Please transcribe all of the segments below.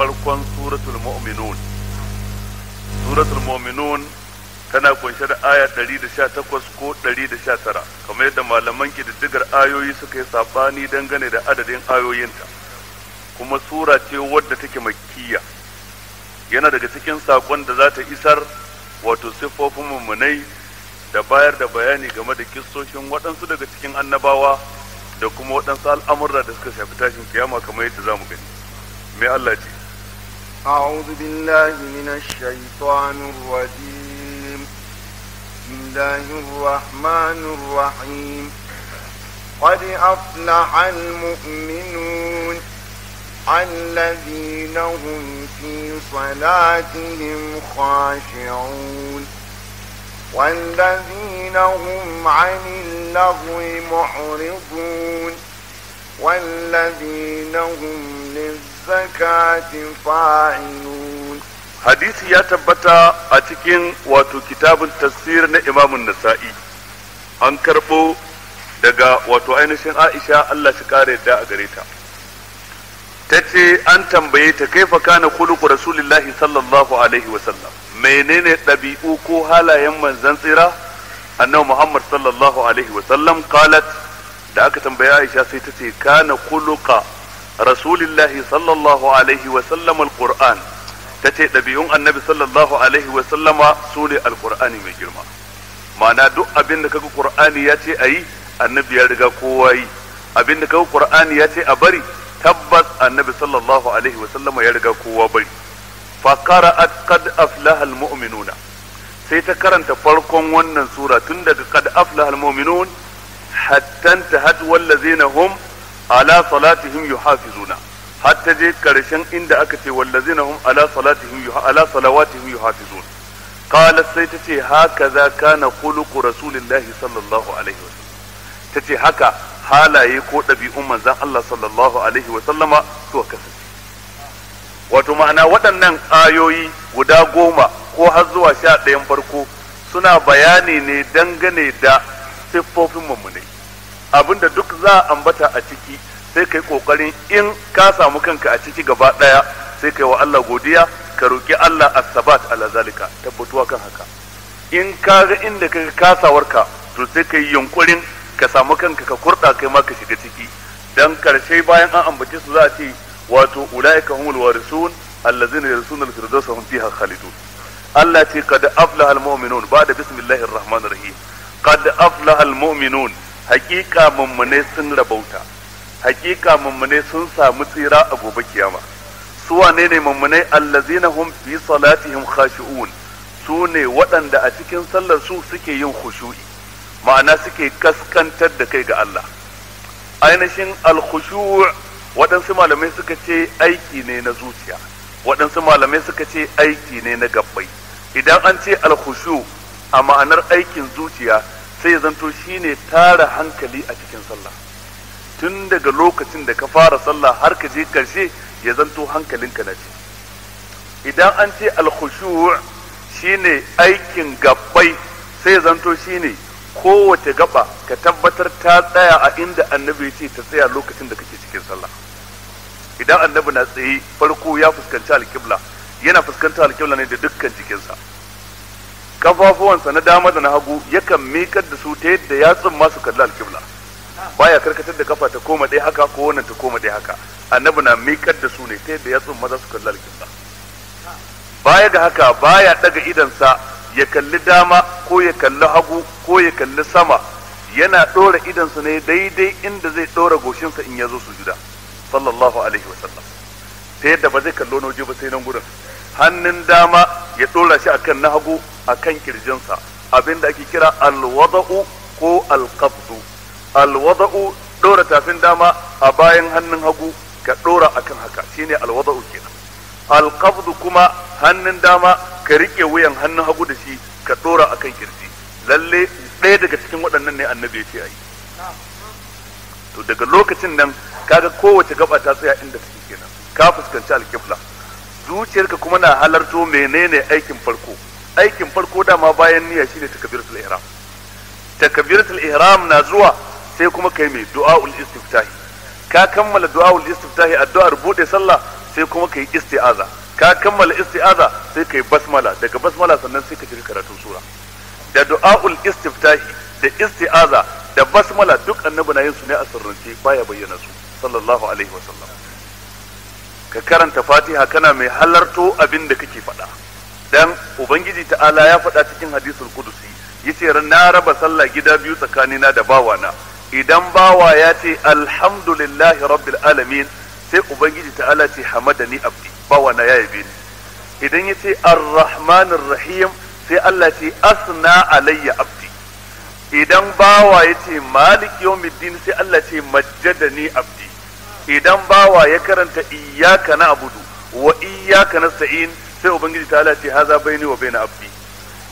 farkon suratul mu'minun suratul mu'minun tana kunshe da aya 118 ko 119 kamar yadda malaman kididdigar ayoyi suka yi sabani dangane da adadin ayoyinta kuma sura ce wadda take makkiya yana daga cikin sakon da za ta isar wato siffofin mummunai da bayar da bayani game da kissoshin waɗansu daga cikin annabawa da kuma waɗansu al'amurra da suka shafi tashin kiyama kamar yadda za mu gani mai Allah ce أعوذ بالله من الشيطان الرجيم بسم الله الرحمن الرحيم قد أفلح المؤمنون الذين هم في صلاتهم خاشعون والذين هم عن اللغو معرضون والذين هم للذين الزكاة فاعلون حديث يا تبتا أتكين واتو na التفسير nasa'i an karɓo daga wato ainihin Aisha Allah shi kare yadda a gare ta ta ce an tambaye ta kaifa kana kuluku rasulillahi sallallahu alaihi wasallam menene ɗabi'u ko halayen manzan tsira annabi Muhammad sallallahu alaihi wasallam qalat da aka tambaye Aisha sai ta ce kana kuluka rasulillahi sallallahu alaihi wa sallam alquran tace dabi'un annabi sallallahu alaihi wa sallama sune alqur'ani mai girma ma'ana duk abin da kaga qur'ani ya ce ayi annabi ya riga kowa yi abin da kaga qur'ani ya ce a bari tabbas annabi sallallahu alaihi wa sallama ya riga kowa bari fa qara'at qad aflaha almu'minuna sai ta karanta farkon wannan sura tun daga qad aflaha almu'minun hatta tahat wallazina hum ala salatihim yuhafizuna hatta je karshen inda aka ce wallazina hum ala salatihim ala salawatihim yuhafizun qalat sai ta ce haka za kana khuluqu rasulillahi sallallahu alaihi wasallam ta ce haka halaye ko ɗabi'un manzon Allah sallallahu alaihi wasallama suka kasance wato ma'ana waɗannan ayoyi guda goma ko har zuwa sha ɗayan farko suna bayani ne dangane da siffofin mummunai abinda duk za a ambata a ciki sai kai kokarin in ka samu kanka a ciki gaba daya sai kai wa Allah godiya ka roki Allah as-sabat ala zalika tabbatuwa kan haka in ka ga inda ka kasawarka to sai kai yunkurin ka samu kanka ka kurda kai ma ka shiga ciki dan karshe bayan an ambace su za a ce wato ulaika humul warisun allazina yarsuna al hum fiha khalidun Allah ce kad aflaha al-mu'minun ba'da bismillahir rahmanir rahim kad aflaha al-mu'minun hakika mummune sun rabauta hakika mummune sun samu tsira a gobe kiyama su wane ne mummune allazina hum fi salatihim khashi'un su ne waɗanda a cikin sallar su suke yin khushu'i ma'ana suke kaskantar da kai ga Allah ainihin al-khushu' waɗansu malamai suka ce aiki ne na zuciya waɗansu malamai suka ce aiki ne na gabbai idan an ce al-khushu' a ma'anar aikin zuciya sai zanto shine tara hankali a cikin sallah tun daga lokacin da ka fara sallah har ka je karshe ya zanto hankalinka na ce idan an ce alkhushu' shine aikin gabbai sai zanto shine kowace gaba ka tabbatar ta tsaya a inda annabi ya ce ta tsaya lokacin da kake cikin sallah idan annabi na tsaye farko ya fuskanci alkibla yana fuskantar alkibla ne da dukkan jikinsa kafafuwansa na dama da na hagu yakan miƙar da su ta yadda yatsun masu kalla alƙibla baya karkatar da kafa ta koma ɗaya haka ko wannan ta koma ɗaya haka annabi na miƙar da su ne ta yadda yatsun maza su kalla alƙibla baya ga haka baya ɗaga idansa ya kalli dama ko ya kalli hagu ko ya kalli sama yana ɗora idansa ne daidai inda zai ɗora goshinsa in ya zo sujuda sallallahu alaihi wasallam ta yadda ba zai kallo na waje ba sai nan gurin hannun dama ya ɗora shi akan na hagu a kan kirjinsa abinda ake kira alwada'u ko alqabdu alwada'u ɗora tafin dama a bayan hannun hagu ka ɗora akan haka shine alwada'u kenan alqabdu kuma hannun dama ka riƙe wuyan hannun hagu da shi ka ɗora akan kirji lalle ɗaya daga cikin waɗannan ne annabi ya ce a yi to daga lokacin nan kaga kowace gaba ta tsaya inda take kenan ka fuskanci alkibla zuciyarka kuma na halarto menene aikin farko aikin farko dama bayan niyya shine takbiratul ihram takabiratul ihram na zuwa sai kuma kai mai du'aul istiftahi ka kammala du'aul istiftahi addu'ar bude sallah sai kuma kai isti'aza ka kammala isti'aza sai kai basmala daga basmala sannan sai ka shiga karatun sura da du'aul istiftahi da isti'aza da basmala duk annabi na yin su ne a sirrance baya bayyana su sallallahu alaihi wasallam ka karanta fatiha kana mai halarto abin da kake faɗa dan ubangiji ta'ala ya faɗa cikin hadisul qudusi yace na raba sallah gida biyu tsakanina da bawana idan bawa ya ce alhamdulillahi rabbil alamin sai ubangiji ta'ala ce hamadani abdi bawana ya yabe ni idan ya ce arrahmanir rahim sai Allah ce asna alayya abdi idan bawa ya ce malik yawmiddin sai Allah ce majjadani abdi idan bawa ya karanta na abudu wa iyyaka sa'in sai ubangiji ta ce haza baini wa baina abdi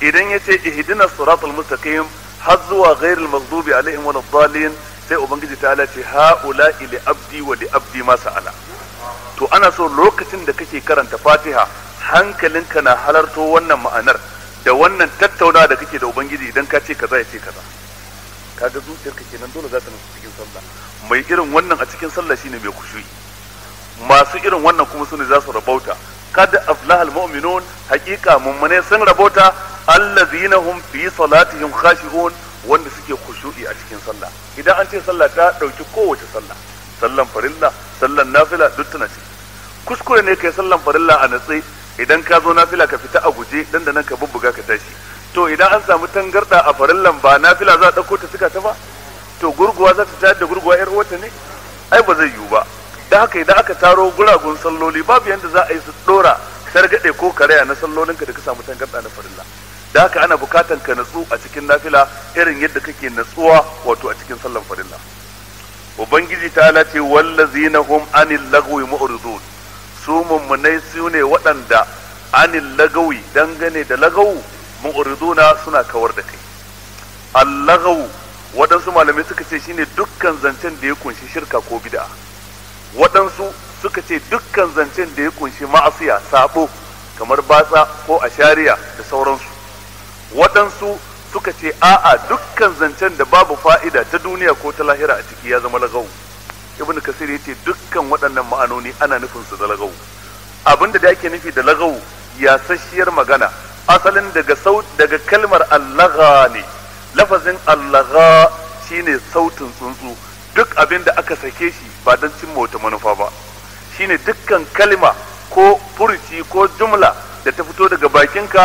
idan yace ihdinas siratal mustaqim har zuwa ghairil maghdubi alaihim waladdallin sai ubangiji ta ha' ula ila abdi wa li abdi ma sa'ala to ana so lokacin da kake karanta fatiha hankalinka na halarto wannan ma'anar da wannan tattauna da kake da ubangiji idan ka ce kaza ya ce kaza kaga zuciyarka kenan dole za ta nufi cikin sallah mai irin wannan a cikin sallah shine mai kushuyi masu irin wannan kuma sune za su rabauta kad aflahal mu'minun haqiqa mummune sun rabauta allazina hum fi salatihim khashi'un wanda suke khushu'i a cikin sallah idan an ce sallah ta dauki kowace sallah sallan farilla sallan nafila duk tana ciki kuskure ne kai sallan farilla a natsi idan ka zo nafila ka fita a guje dan da nan ka bubbuga ka tashi to idan an samu tangarda a farillan ba nafila za a dauko ta suka ta ba to gurguwa za ta tayar da gurguwa yar wata ne ai ba zai yiwu ba da haka idan aka taro guragun salloli babu yanda za a yi su dora targade ko karaya na sallolinka da ka samu tangarda na farilla da haka ana bukatan ka natsu a cikin nafila irin yadda kake natsuwa wato a cikin sallan farilla ubangiji ta ala ce wallazina hum anil lagwi mu'ridun su mummunai su ne waɗanda anil lagawi dangane da lagawu mu'riduna suna kawar da kai al waɗansu malamai suka ce shine dukkan zancen da ya kunshi shirka ko bid'a waɗansu suka ce dukkan zancen da ya kunshi ma'asiya sabo kamar batsa ko ashariya da sauransu waɗansu suka ce a'a dukkan zancen da babu fa'ida ta duniya ko ta lahira a ciki ya zama lagau ibn kasir ya ce dukkan waɗannan ma'anoni ana nufin su da lagau abin da ake nufi da lagau ya sashiyar magana asalin daga daga kalmar allaga ne lafazin allaga shine sautin tsuntsu duk abin da aka sake shi ba don cimma wata manufa ba shine dukkan kalima ko furci ko jumla da ta fito daga bakinka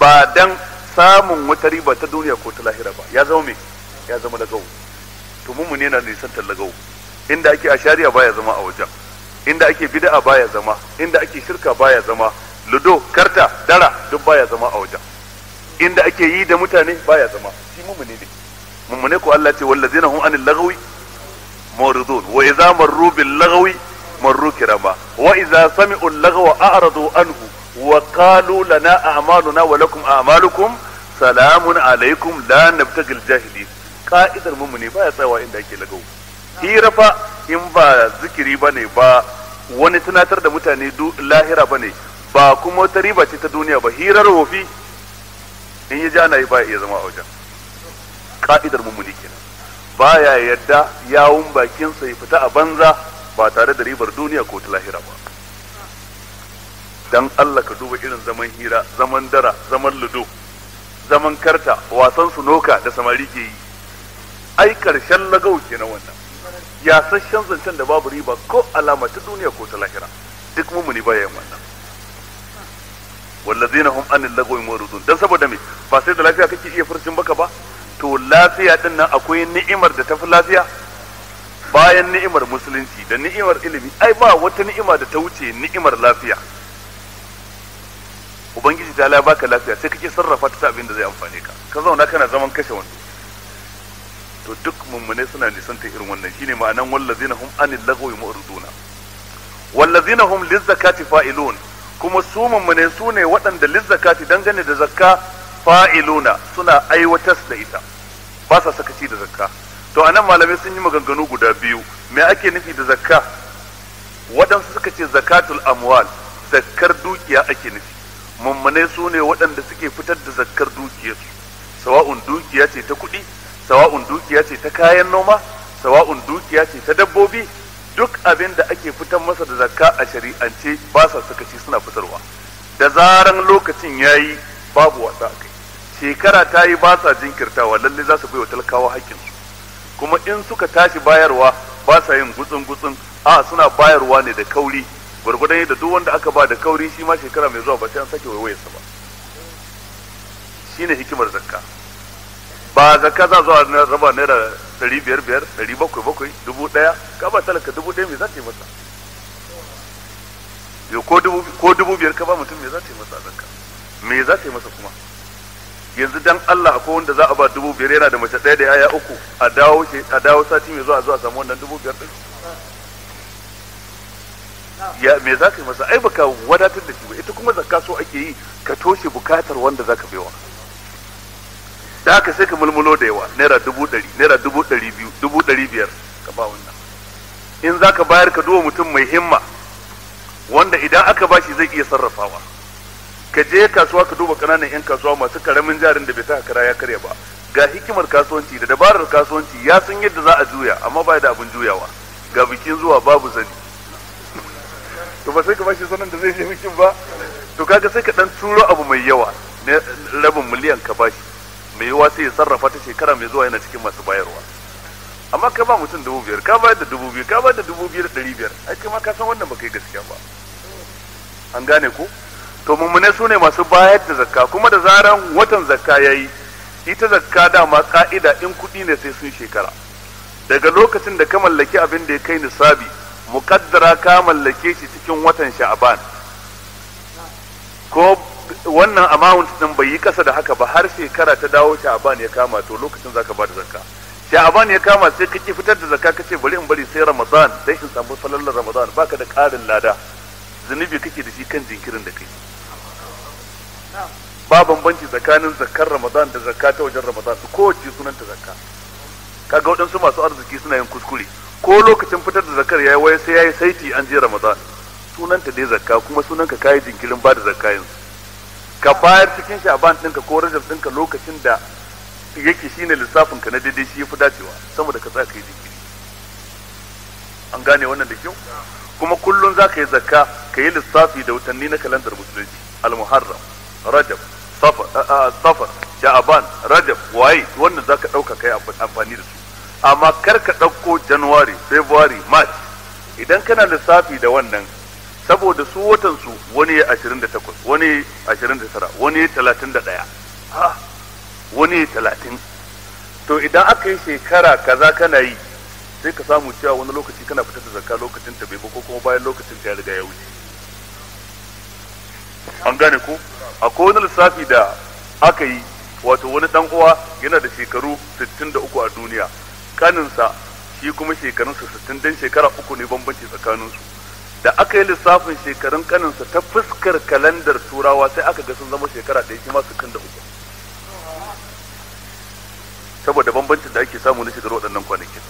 ba don samun wata riba ta duniya ko ta lahira ba ya zama me ya zama lagau to mu ne na nisan lagau inda ake a shari'a baya zama a wajen inda ake bid'a baya zama inda ake shirka baya zama ludo karta dara duk baya zama a wajen inda ake yi da mutane baya zama Mummune ne mummune ko Allah ce wallazina hum anil lagawi muridun wa idza marru bil lagawi marru kirama wa idza sami'u lagawa a'radu anhu wa qalu lana a'maluna wa lakum a'malukum salamun alaikum la nabtagil jahili ka'idar mumune baya tsawa inda ake lagawu. hira fa in ba zikiri bane ba wani tunatar da mutane lahira bane ba kuma wata riba ce ta duniya ba hirar wofi in yi ja na yi ba ya zama a wajen ka'idar mummuni kenan baya yadda yawun bakinsa ya fita a banza ba tare da ribar duniya ko ta lahira ba dan Allah ka duba irin zaman hira zaman dara zaman ludo zaman karta wasan sunoka da samari ke yi ai karshen lagau na wannan ya sashen zancen da babu riba ko alama ta duniya ko ta lahira duk mummuni baya yin wannan wallazina hum anil lagwi muridun dan saboda me ba sai da lafiya kake iya furcin baka ba to lafiya din nan akwai ni'imar da tafi lafiya bayan ni'imar musulunci da ni'imar ilimi ai ba wata ni'ima da ta wuce ni'imar lafiya ubangiji ta la baka lafiya sai kake sarrafa ta abin da zai amfane ka ka zauna kana zaman kashe wando to duk mummune suna nisanta irin wannan shine ma'anan wallazina hum anil lagwi mu'riduna wallazina hum lizzakati fa'ilun kuma su mummune su ne waɗanda lizzakati dangane da zakka fa'iluna suna aiwatar da ita ba sa sakaci da zakka to anan malamai sun yi maganganu guda biyu me ake nufi da zakka waɗansu suka ce zakatul amwal zakkar dukiya ake nufi mummune su ne waɗanda suke fitar da zakkar dukiyarsu sawa'un dukiya ce ta kuɗi sawa'un dukiya ce ta kayan noma sawa'un dukiya ce ta dabbobi duk abin da ake fitar masa da zakka a shari'ance ba sa sakaci suna fitarwa da zaran lokacin yayi babu wasa a kai shekara ta yi ba sa jinkirtawa lalle za su baiwa talakawa hakkin kuma in suka tashi bayarwa ba sa yin gutsun gutsun a suna bayarwa ne da kauri gwargwadon yadda duk wanda aka ba da kauri shi ma shekara mai zuwa ba sai an sake sa ba shine hikimar zakka ba zakka za zuwa raba naira ɗari biyar biyar ɗari bakwai bakwai dubu ɗaya ka ba talaka dubu ɗaya me za ta yi masa ko dubu biyar ka ba mutum me za ta yi masa zakka me za ta yi masa kuma yanzu dan Allah akwai wanda za a ba dubu biyar yana da mace ɗaya da yaya uku a dawo a dawo sati mai zuwa zuwa samu wannan dubu biyar ya me za ka yi masa ai baka wadatar da shi ba ita kuma zakka so ake yi ka toshe bukatar wanda za ka baiwa da haka sai ka mulmulo da yawa naira dubu ɗari naira dubu ɗari biyu dubu ɗari biyar ka ba wannan in za ka bayar ka duba mutum mai himma wanda idan aka bashi zai iya sarrafawa ka je kasuwa ka duba kananan yan kasuwa masu karamin jarin da bai sa kara ya karya ba ga hikimar kasuwanci da dabarar kasuwanci ya san yadda za a juya amma ba da abin juyawa ga bikin zuwa babu zani to ba sai ka bashi sanan da zai je bikin ba to kaga sai ka dan turo abu mai yawa na rabin miliyan ka bashi mai yawa sai ya sarrafa ta shekara mai zuwa yana cikin masu bayarwa amma ka ba mutum dubu biyar ka bayar da dubu biyu ka bayar da dubu biyar da ɗari biyar ai kai ma ka san wannan ba kai gaskiya ba an gane ko to mummune su ne masu bayar da zakka kuma da zaran watan zakka ya yi ita zakka dama ka'ida in kuɗi ne sai sun shekara daga lokacin da ka mallaki abin da ya kai nisabi muƙaddara ka mallake shi cikin watan sha'aban ko wannan amount din bai yi kasa da haka ba har shekara ta dawo sha'aban ya kama to lokacin zaka ba da zakka sha'aban ya kama sai ka ki fitar da zakka kace bari in bari sai ramadan dai in samu falalar ramadan baka da ƙarin lada zunubi kake da shi kan jinkirin da kai ba bambanci tsakanin zakar ramadan da zakka ta wajen ramadan su kowace sunan ta zakka kaga waɗansu masu arziki suna yin kuskure ko lokacin fitar da zakar ya wai sai yayi saiti an je ramadan sunan ta dai zakka kuma sunan ka kai jinkirin ba da zakka yanzu ka bayar cikin sha'ban ɗinka ko rajab ɗinka lokacin da yake shine lissafin ka na daidai shi yafi dacewa sama da ka tsaya kai jinkiri an gane wannan da kyau kuma kullum za ka yi zakka ka yi lissafi da watanni na kalandar musulunci al-muharram rajab safar sha'aban rajab waye wannan za ka ɗauka kai amfani da su amma kar ka ɗauko january february march idan kana lissafi da wannan saboda su watan su wani ya 28 wani ya 29 wani ya ɗaya wani ya 30 to idan aka yi shekara kaza kana yi sai ka samu cewa wani lokaci kana fitar da zakka lokacin ta bai ba ko kuma bayan lokacin ta ya riga ya wuce an gane ko akwai wani lissafi da aka yi wato wani dan uwa yana da shekaru 63 a duniya kaninsa shi kuma shekarunsa 60 dan shekara uku ne bambanci tsakaninsu da aka yi lissafin shekarun kaninsa ta fuskar kalandar turawa sai aka ga sun zama shekara ɗaya shi da uku saboda bambancin da ake samu na shigar waɗannan kwanakin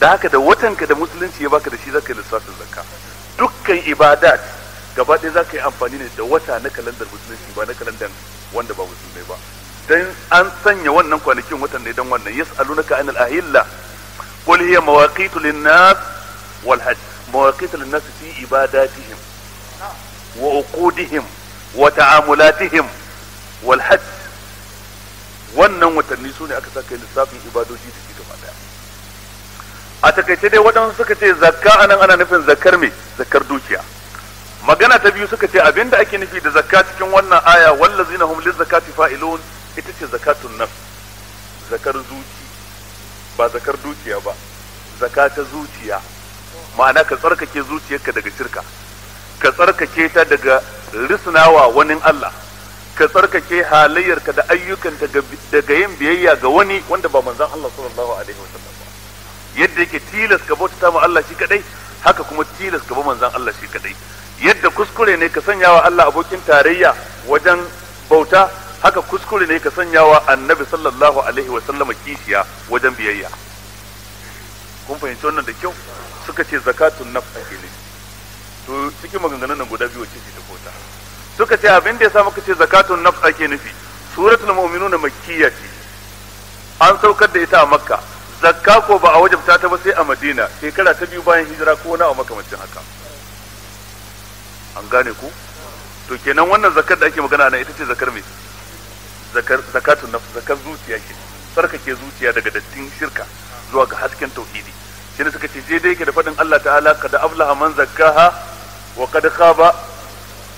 da haka da watanka da musulunci ya baka da shi zaka yi lissafin zakka dukkan ibadat gaba ɗaya za ka yi amfani ne da wata na kalandar musulunci ba na kalandar wanda ba musulmai ba dan an sanya wannan kwanakin watan ne dan wannan yas'alunaka anil ahilla qul hiya mawaqitu linnas nas wal hajj mawaqitu lin-nas fi ibadatihim wa uqudihim wa ta'amulatihim wal hajj wannan watanni su ne aka saka lissafin ibadoji da shi gaba daya a takaice dai waɗansu suka ce zakka anan ana nufin zakar me zakar dukiya magana ta biyu suka ce abinda ake nufi da zakka cikin wannan aya wallazina hum lizakati fa'ilun ita ce zakatun nafs zakar zuci ba zakar dukiya ba zaka ta zuciya ma'ana ka tsarkake zuciyarka daga shirka ka tsarkake ta daga risnawa wani Allah ka tsarkake halayyarka da ayyukanta daga yin biyayya ga wani wanda ba manzan Allah sallallahu alaihi wasallam ba yadda yake tilas ka bauta ma Allah shi kadai haka kuma tilas ka bi manzon Allah shi kadai yadda kuskure ne ka sanya wa Allah abokin tarayya wajen bauta haka kuskure ne ka sanya wa annabi sallallahu alaihi wa sallama kishiya wajen biyayya kun fahimci wannan da kyau suka ce zakatun nafsa ke ne to cikin maganganun nan guda biyu wacce ce ta kota suka ce abin da sa muka ce zakatun nafsa ke nufi suratul mu'minuna makkiyya ce an saukar da ita a makka zakka ko ba a wajabta ta ba sai a madina shekara ta biyu bayan hijira ko na a makamancin haka an gane ku to kenan wannan zakar da ake magana na ita ce zakar mai zakar zakatun nafs zakar zuciya ke sarkake zuciya daga dattin shirka zuwa ga hasken tauhidi shi ne suka ce je dai ke da faɗin Allah ta'ala kada aflaha man zakkaha wa kad khaba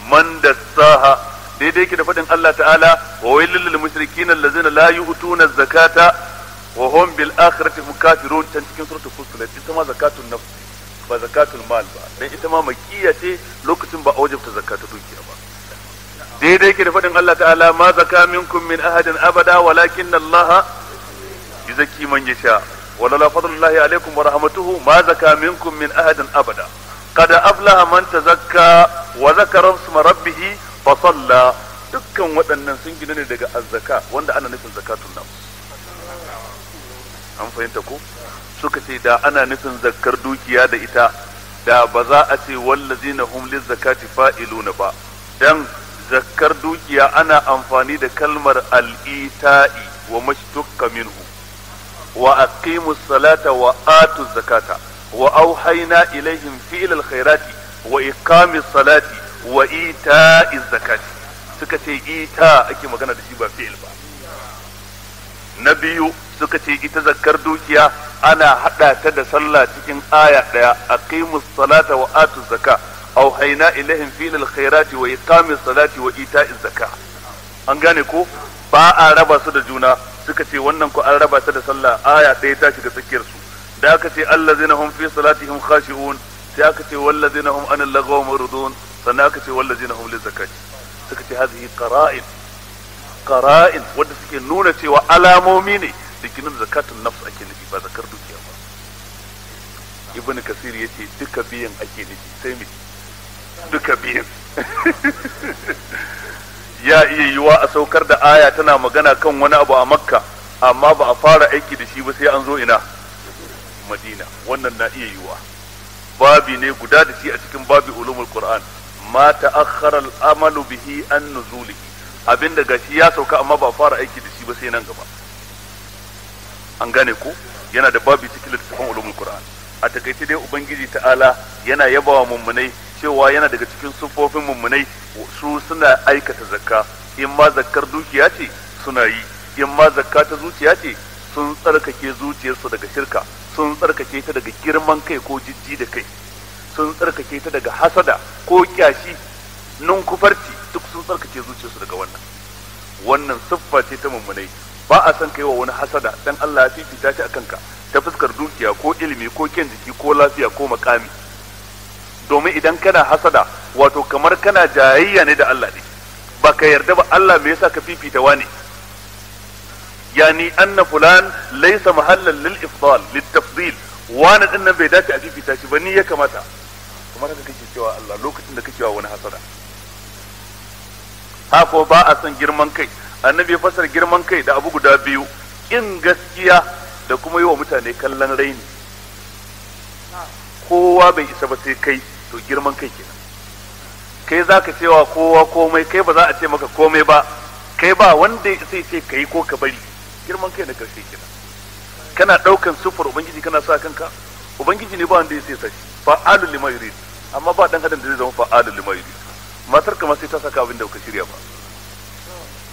man dassaha daidai ke da faɗin Allah ta'ala wa wailul lil mushrikin allazina la yu'tuna zakata wa hum bil akhirati hum kafirun tan cikin suratul fussilat ita ma zakatun nafs ba zakatul mal ba dan ita ma makiya ce lokacin ba a wajabta zakatu dukiya ba daidai ke da faɗin Allah ta'ala ma zaka minkum min ahadin abada walakin Allah yuzakki man yasha ولولا wa الله ma ورحمته ما زكى منكم abada أحد أبدا قد أفلح wa تزكى وذكر اسم ربه فصلى dukkan waɗannan sun gina ne daga azzaka wanda ana nufin zakatun nafs an fahimta ko suka ce da ana nufin zakkar dukiya da ita da ba za a ce wallazina hum zakati fa'iluna ba dan zakkar dukiya ana amfani da kalmar al'ita'i wa mashtukka minhu wa aqimu salata wa atu zakata wa auhayna ilaihim fi'l khairati wa iqami salati wa ita'i zakati suka ce ita ake magana da shi ba fi'il ba na biyu suka ce ita zakkar dukiya ana hada ta da sallah cikin aya daya aqimus salata wa atuz zaka aw hayna ilaihim fil alkhairati wa iqamis salati wa ita'iz zaka an gane ko ba a raba su da juna suka ce wannan ko an raba ta da sallah aya ɗaya ta shiga tsakiyar su da aka ce allazina hum fi salatihim khashi'un sai aka ce wallazina hum anil lagaw muridun sannan aka ce wallazina hum lizakati suka ce hadhihi qara'in qara'in wanda suke nuna cewa alamomi ne da ginin zakatun nafs ake nufi ba zakar dukiya ba ibn kasir ya ce duka biyan ake nufi sai mu duka biyan ya iya yiwa a saukar da aya tana magana kan wani abu a makka amma ba a fara aiki da shi ba sai an zo ina madina wannan na iya yiwa babi ne guda da shi a cikin babi ulumul qur'an ma ta'akhkhara al-amalu bihi an nuzulihi abinda gashi ya sauka amma ba a fara aiki da shi ba sai nan gaba an gane ko yana da babu cikin littafin ulumul qur'an a takaice dai ubangiji ta'ala yana yabawa mummunai cewa yana daga cikin sufofin mummunai su suna aikata zakka in ma zakkar dukiya ce suna yi in ma zakka ta zuciya ce sun tsarkake zuciyarsu daga shirka sun tsarkake ta daga girman kai ko jijji da kai sun tsarkake ta daga hasada ko kyashi nun kufarci duk sun tsarkake zuciyarsu daga wannan wannan siffa ce ta mummunai ba a son kai wa wani hasada dan Allah ya fifita shi akan ka ta fuskar dukiya ko ilimi ko kyan jiki ko lafiya ko makami domin idan kana hasada wato kamar kana jayayya ne da Allah ne ba ka yarda ba Allah me yasa ka fifita wani yani anna fulan laysa mahallan lil ifdal lit tafdil wani din nan bai dace a fifita shi ba ni ya kamata kamar haka kake cewa Allah lokacin da kake wa wani hasada haka ba a son girman kai annabi ya fasar girman kai da abu guda biyu in gaskiya da kuma yi wa mutane kallon raini kowa bai isa ba sai kai to girman kai kenan kai za ka cewa kowa komai kai ba za a ce maka komai ba kai ba wanda sai ce ka yi ko ka bari girman kai na karshe kenan kana ɗaukan sufur ubangiji kana sa kanka ubangiji ne ba wanda ya sai sashi fa'alul lima yurid amma ba dan adam da zai zama fa'alul lima yurid matar kamar sai ta saka abin da ka shirya ba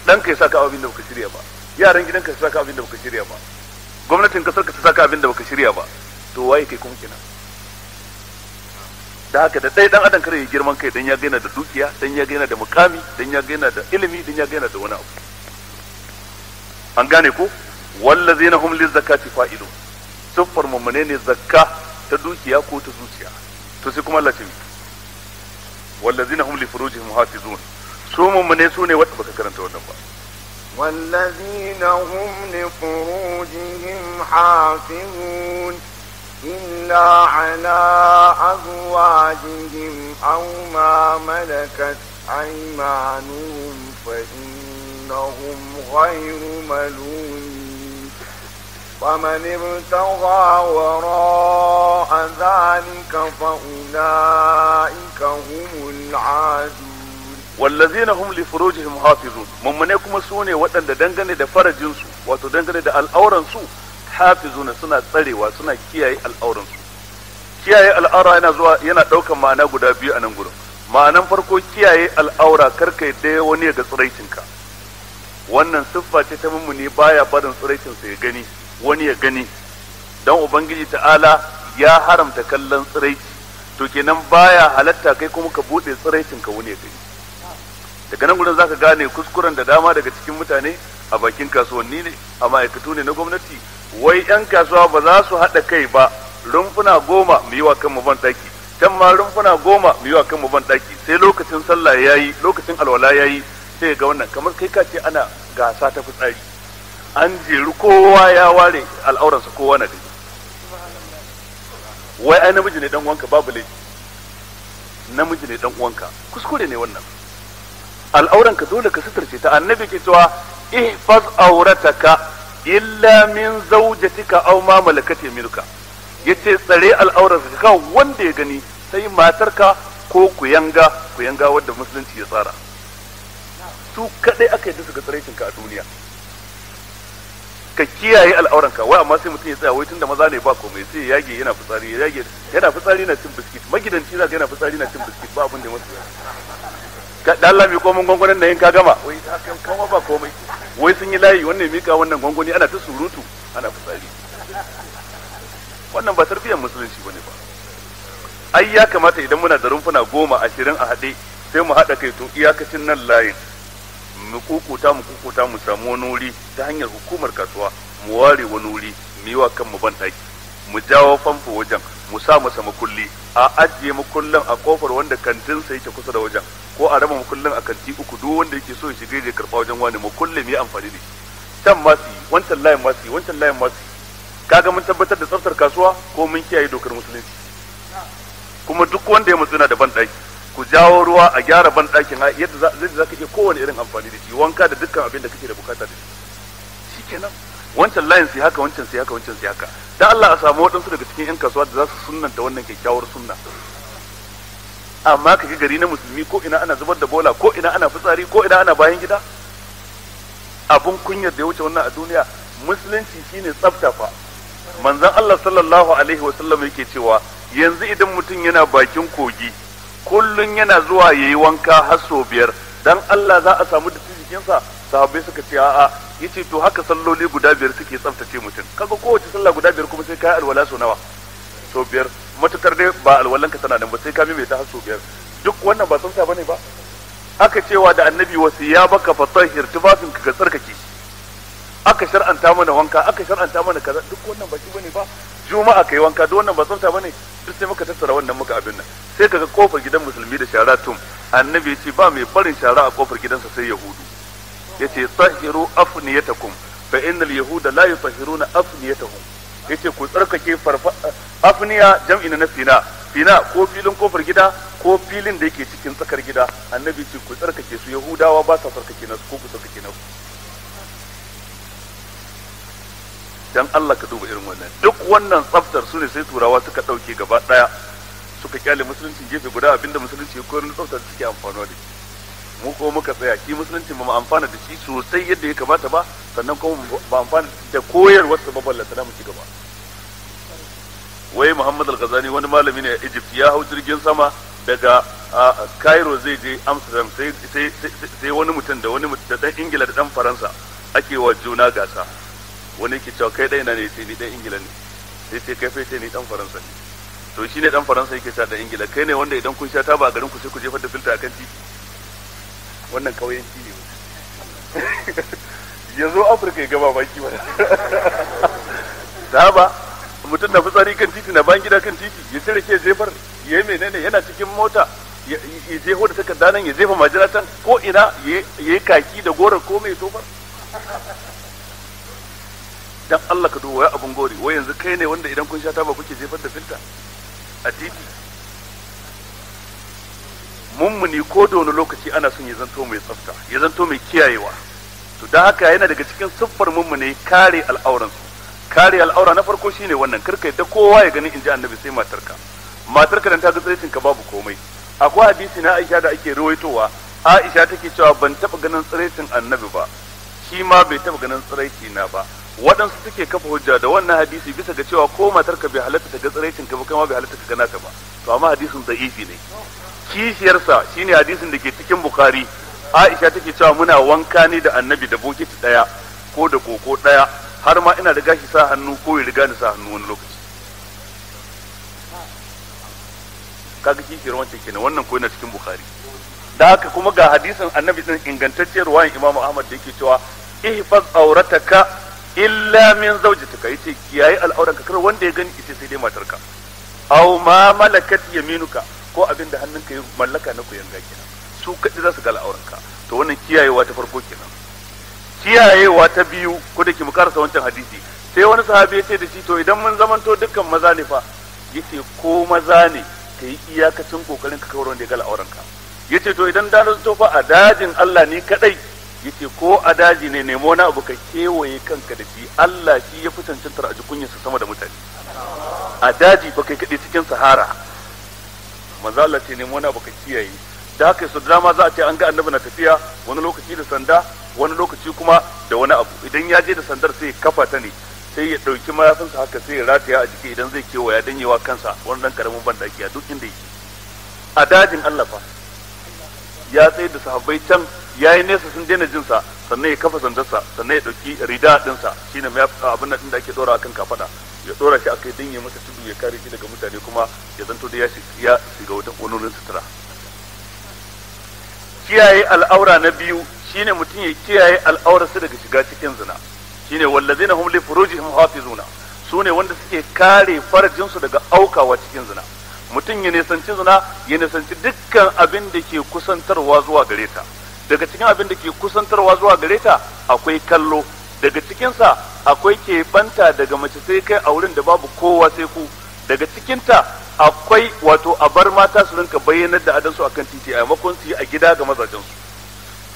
dan ka saka abin da baka shirya ba yaran gidan ka saka abin da baka shirya ba gwamnatin kasar ka saka abin da baka shirya ba to waye kai kuma kenan da haka da ɗaya dan adam kare ya girman kai dan ya gaina da dukiya dan ya gaina da mukami dan ya gaina da ilimi dan ya gaina da wani abu an gane ko wallazina hum lizakati fa'ilun siffar mummune ne zakka ta dukiya ko ta zuciya to sai kuma Allah ce wallazina hum li furujihim hafizun su من سوني وات wanda كرنت ونبا والذين هم لفروجهم حافظون إلا على أزواجهم أو ما ملكت أيمانهم فإنهم غير ملومين ومن ابتغى وراء ذلك فأولئك هم العادون wallazina hum li furujihim hafizun mummune kuma su ne waɗanda dangane da farajinsu wato dangane da al'auransu hafizuna suna tsarewa suna kiyaye al'auransu kiyaye al'aura yana zuwa yana ɗaukan ma'ana guda biyu a nan gurin ma'anan farko kiyaye al'aura karka yadda wani ya ga tsiraicinka wannan siffa ce ta mummuni baya barin tsiraicinsa ya gani wani ya gani don ubangiji ta'ala ya haramta kallon tsiraici to kenan baya halatta kai kuma ka buɗe tsiraicinka wani ya gani daga nan gudun zaka gane kuskuren da dama daga cikin mutane a bakin kasuwanni ne a ma'aikatu ne na gwamnati wai 'yan kasuwa ba za su haɗa kai ba rumfuna goma mu yi wa kanmu ban ɗaki can ma rumfuna goma mu yi wa kanmu ban ɗaki sai lokacin sallah ya yi lokacin alwala ya yi sai ga wannan kamar kai ka ce ana gasa ta fitsari an jeru kowa ya ware al'auransa kowa na gani wai ai namiji ne dan uwanka babu laifi namiji ne dan uwanka kuskure ne wannan al'auran ka dole ka suturce ta annabi ke cewa ihfaz aurataka illa min zawjatika aw ma malakati milka yace tsare ka kan wanda ya gani sai matarka ko kuyanga kuyanga wadda musulunci ya tsara su kadai aka yi su ga tsaraicinka a duniya ka kiyaye al'auranka wai amma sai mutum ya tsaya wai tunda maza ne ba komai sai yage yana fitsari yage yana fitsari na cin biskit magidanci zaka yana fitsari na cin biskit ba abin da masu ka dalla ko mun gwangwanin da yin ka gama wai ta kan ba komai wai sun yi layi wannan mika wannan gwangwani ana ta surutu ana fitsari wannan ba tarbiyyar musulunci bane ba ai ya kamata idan muna da rumfuna goma ashirin a haɗe sai mu haɗa kai to iyakacin nan layin mu kukuta mu kukuta mu samu wani wuri ta hanyar hukumar kasuwa mu ware wani wuri mu yi wa kanmu ban taki mu jawo famfo wajen mu sa masa makulli a ajiye makullin a kofar wanda kantinsa yake kusa da wajen ko a raba kullum a kanti uku duk wanda yake so ya shiga ya karɓa wajen wani mu kullum ya amfani da shi can ma su yi wancan layin ma su yi wancan layin ma su yi kaga mun tabbatar da tsaftar kasuwa ko mun kiyaye dokar musulunci kuma duk wanda ya mutu yana da ban ɗaki ku jawo ruwa a gyara ban ɗakin yadda za ka iya kowane irin amfani da shi wanka da dukkan abin da kake da bukata da shi shikenan wancan layin sai haka wancan sai haka wancan sai haka da Allah a samu waɗansu daga cikin 'yan kasuwa da za su sunnanta wannan kyakkyawar sunna amma ka ga gari na musulmi ko ina ana zubar da bola ko ina ana fitsari ko ina ana bayan gida abun kunyar da ya wuce wannan a duniya musulunci shine tsafta fa manzon Allah sallallahu alaihi wasallam yake cewa yanzu idan mutum yana bakin kogi kullun yana zuwa yayi wanka har sau biyar dan Allah za a samu datti jikinsa sahabbai suka ce a'a yace to haka salloli guda biyar suke tsaftace mutum kaga kowace sallah guda biyar kuma sai kai alwala sau nawa sau biyar matukar dai ba ka tana nan ba sai ka mai ta har sau biyar duk wannan ba tsafta bane ba aka cewa da annabi wasu ya baka fatahir tufafin ka ga tsarkake aka shar'anta mana wanka aka shar'anta mana kaza duk wannan ba shi bane ba juma'a kai wanka duk wannan ba tsafta bane duk sai muka tattara wannan muka abin nan sai kaga kofar gidan musulmi da shara tum annabi ya ce ba mai barin shara a kofar gidansa sai yahudu ya ce tsahiru afniyatakum fa innal yahuda la yutahhiruna afniyatahum yace ku tsarkake farfa afniya jam'i na fina fina ko filin kofar gida ko filin da yake cikin tsakar gida annabi ce ku tsarkake su yahudawa ba sa tsarkake nasu ko ku tsarkake nasu dan Allah ka duba irin wannan duk wannan tsaftar su ne sai turawa suka dauke gaba daya suka kyale musulunci gefe guda abinda musulunci ya koyar na tsaftar suke amfani da shi mu ko muka tsaya shi musulunci ba mu amfana da shi sosai yadda ya kamata ba sannan kuma ba amfana da koyar wasu ba ballata da mu ci gaba wai Muhammad Al-Ghazali wani malami ne a Egypt ya hau jirgin sama daga Cairo zai je Amsterdam sai sai wani mutum da wani mutum da dan Ingila da dan Faransa ake wa juna gasa wani ke cewa kai dai na ne sai ni dan Ingila ne sai sai kai sai ni dan Faransa ne to shine dan Faransa yake sa da Ingila kai ne wanda idan kun sha ta a garin ku sai ku jefar da filta kan titi wannan kauyen ci ne ya zo afirka ya gaba baki ba da ba mutum na fitsari kan titi na ban gida kan titi ya cire ke jefar ya yi menene yana cikin mota ya jefo da takarda nan ya jefa majina can ko ina ya yi kaki da gora ko mai tofar dan Allah ka duba wai abun gori wai yanzu kai ne wanda idan kun sha taba kuke jefar da filta a titi mummuni ko da wani lokaci ana son ya zanto mai tsafta ya zanto mai kiyayewa to da haka yana daga cikin siffar mummuni kare al'auransu kare al'aura na farko shine wannan karka yadda kowa ya gani inji annabi sai matarka matarka dan ta ga tsaitin ka babu komai akwai hadisi na Aisha da ake rawaitowa Aisha take cewa ban taba ganin tsaitin annabi ba shi ma bai taba ganin tsiraiti na ba waɗansu suke kafa hujja da wannan hadisi bisa ga cewa ko matarka bai halatta ta ga tsiraitin ka ba kai ma bai halatta ka gana ta ba to amma hadisin da'ifi ne kishiyarsa shine hadisin da ke cikin bukhari aisha take cewa muna wanka ne da annabi da bokiti daya ko da koko daya har ma ina riga shi sa hannu ko ya riga ni sa hannu wani lokaci kaga kishiyar wancan kenan wannan ko yana cikin bukhari da haka kuma ga hadisin annabi din ingantacciyar ruwayan imamu ahmad da yake cewa ihfaz aurataka illa min zawjataka yace kiyaye al'auranka kar wanda ya gani ita sai dai matarka aw ma malakat yaminuka ko abin da ka ya mallaka na yanga gaki su kaɗi za su ga al'auranka to wannan kiyayewa ta farko kenan kiyayewa ta biyu ko da ki mu karasa wancan hadisi sai wani sahabi ya ce da shi to idan mun zamanto dukkan maza ne fa yace ko maza ne ka yi iyakacin kokarin ka kawar wanda ya ga al'auranka yace to idan da na zo fa a dajin Allah ni kadai yace ko a daji ne nemo wani abu ka kewaye kanka da shi Allah shi ya fi cancantar a jikunyarsa sama da mutane a daji ba kai kaɗai cikin sahara maza Allah ce nemo na baka kiyaye da haka su dama za a ce an ga annabi na tafiya wani lokaci da sanda wani lokaci kuma da wani abu idan ya je da sandar sai kafa ta ne sai ya dauki mayafinsa haka sai ya rataya a jiki idan zai kewaya don yawa kansa wani dan karamin bandaki a duk inda yake a dajin Allah fa ya tsaye da sahabbai can ya yi nesa sun daina jin sa sannan ya kafa sandarsa sannan ya dauki rida dinsa shine abin da ake dora akan kafada ya tsora shi akai dinye masa tudu ya kare shi daga mutane kuma ya zanto da ya shiga wata sutura kiyaye al'aura na biyu shine mutum ya kiyaye su daga shiga cikin zina shine na humli li furujihim su ne wanda suke kare farajinsu daga aukawa cikin zina mutum ya nisanci zina ya nisanci dukkan abin da ke kusantarwa zuwa gare ta daga cikin abin da ke kusantarwa zuwa gare ta akwai kallo daga cikinsa akwai keɓanta daga mace sai kai a wurin da babu kowa sai ku daga cikinta akwai wato a bar mata su rinka bayyanar da adansu akan titi a makon su a gida ga mazajensu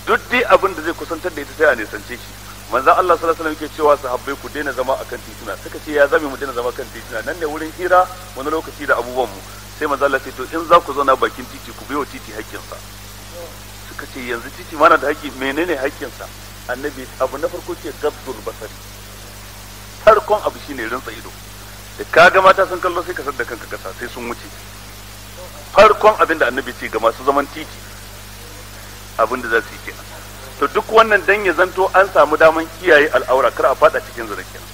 duk dai abin da zai kusantar da ita sai a nisance shi manzo Allah sallallahu alaihi wasallam yake cewa sahabbai ku daina zama akan tituna suka ce ya zame mu daina zama akan tituna nan ne wurin hira wani lokaci da abubuwan mu sai manzo Allah ce to in za ku zauna bakin titi ku biyo titi sa suka ce yanzu titi mana da hakki menene sa annabi abu na farko ce gabdul basari farkon abu shine rinsa ido da kaga mata sun kallo sai ka da kanka kasa sai sun wuce farkon abin da annabi ce ga masu zaman titi abin da za su yi kenan to duk wannan dan ya zanto an samu daman kiyaye al'aura kar a fada cikin zina kenan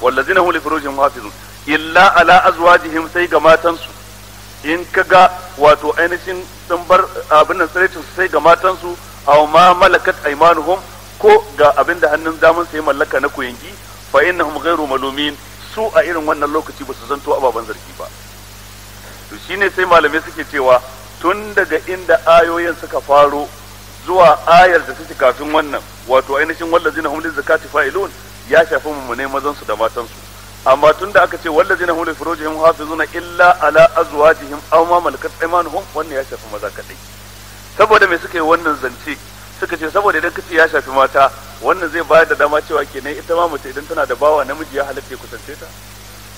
wallazina hum li furujihim hafizun illa ala azwajihim sai ga matansu in kaga wato ainihin sun bar abin nan sai ga matansu aw ma malakat aymanuhum ko ga abin da hannun zaman sai mallaka na koyangi fa innahum ghairu malumin su a irin wannan lokaci ba su zanto ababen zargi ba to shine sai malamai suke cewa tun daga inda ayoyin suka faro zuwa ayar da take kafin wannan wato ainihin wallazina hum lizakati fa'ilun ya shafi mummunai mazan su da matan su amma tun da aka ce wallazina hum lifurujihim furujihim hafizuna illa ala azwajihim aw ma malakat aymanuhum wannan ya shafi maza kadai saboda me suka wannan zance suka ce saboda idan kace ya shafi mata wannan zai bayar da dama cewa kenan ita ma mace idan tana da bawa namiji ya halatta ya kusance ta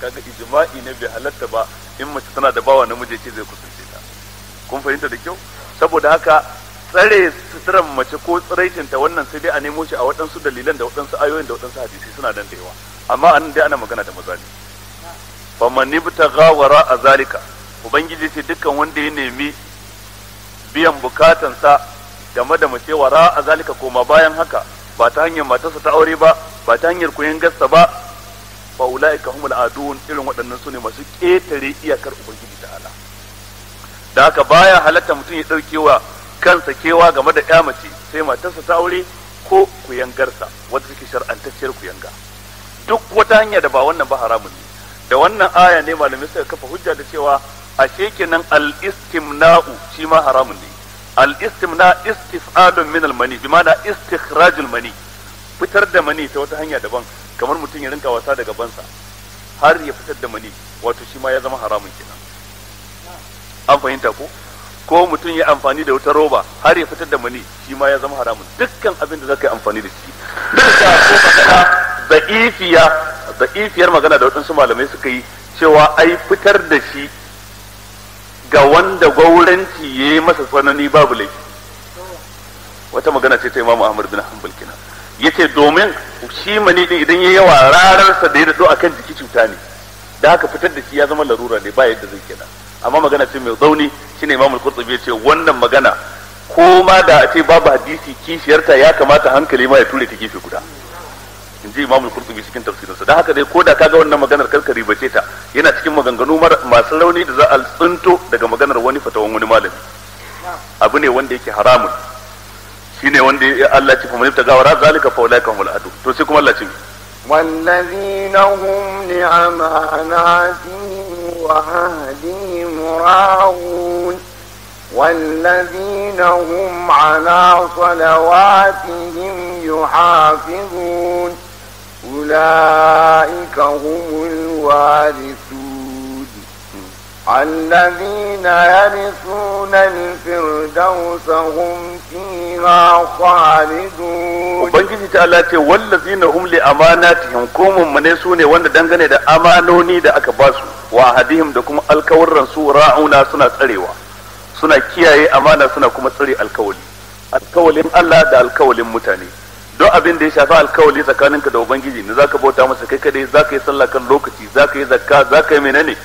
kaga ijma'i ne bai halatta ba in mace tana da bawa namiji ce zai kusance ta kun fahimta da kyau saboda haka tsare suturan mace ko tsiraitinta wannan sai dai a nemo shi a waɗansu dalilan da waɗansu ayoyin da waɗansu hadisi suna dan da yawa amma anan dai ana magana da maza ne man ibtagha wara azalika ubangiji ce dukkan wanda ya nemi biyan bukatansa game da mace wara a zalika koma bayan haka ba ta hanyar matarsa ta aure ba ba ta hanyar koyon gasta ba fa ulaika humul adun irin waɗannan su ne masu ƙetare iyakar ubangiji ala da haka baya halatta mutum ya ɗauke wa kansa kewa game da ƴa mace sai matarsa ta aure ko garsa wata take shar'antacciyar kuyanga duk wata hanya da ba wannan ba haramun ne da wannan aya ne malamai suka kafa hujja da cewa ashe kenan al-istimna'u shi ma haramun ne al-istimna istif'alun min al-mani bi ma'ana istikhrajul mani fitar da mani ta wata hanya daban kamar mutum ya rinka wasa daga bansa har ya fitar da mani wato shi ma ya zama haramun kenan an fahimta ko ko mutum ya amfani da wata roba har ya fitar da mani shi ma ya zama haramun dukkan abin da zaka yi amfani da shi duk da ko magana da'ifiya da'ifiyar magana da waɗansu malamai suka yi cewa ai fitar da shi ga wanda gwauranci ya yi masa tsanani babu laifi wata magana ce ta imamu ahmad bin hanbal kina yace domin shi mani din idan ya yawa rararsa da ya dado akan jiki cuta ne da haka fitar da shi ya zama larura ne ba yadda zai kina amma magana ce mai zauni shine imam al-qurtubi yace wannan magana ko ma da a ce babu hadisi kishiyarta ya kamata hankali ma ya ture ta gefe guda in ji imamul qurtubi cikin tafsirinsa dan haka dai ko da kaga wannan maganar karkari bace ta yana cikin maganganu masu rauni da za a tsinto daga maganar wani fatawan wani malami abu ne wanda yake haramun shine wanda ya Allah ci fa gawa ra wara zalika fa ulaika humul adu to sai kuma Allah ci ce والذين هم wa وعهدهم راعون والذين هم على صلواتهم يحافظون أولئك هم الوارثون الذين يرثون الفردوس هم فيها خالدون وبنجي تعالى والذين هم لأماناتهم كوم من سوني وانا دنغني دا أمانوني دا أكباسو وأهديهم دا كوم الكورن سو راعونا سنة تريوا سنة كياي أمانة سنة كوم تري الكولي alkawalin الله دا الكولي متاني duk abin da ya shafi alkawali tsakaninka da ubangiji ne zaka bauta masa kai kadai zaka yi sallah kan lokaci zaka yi zakka zaka yi menene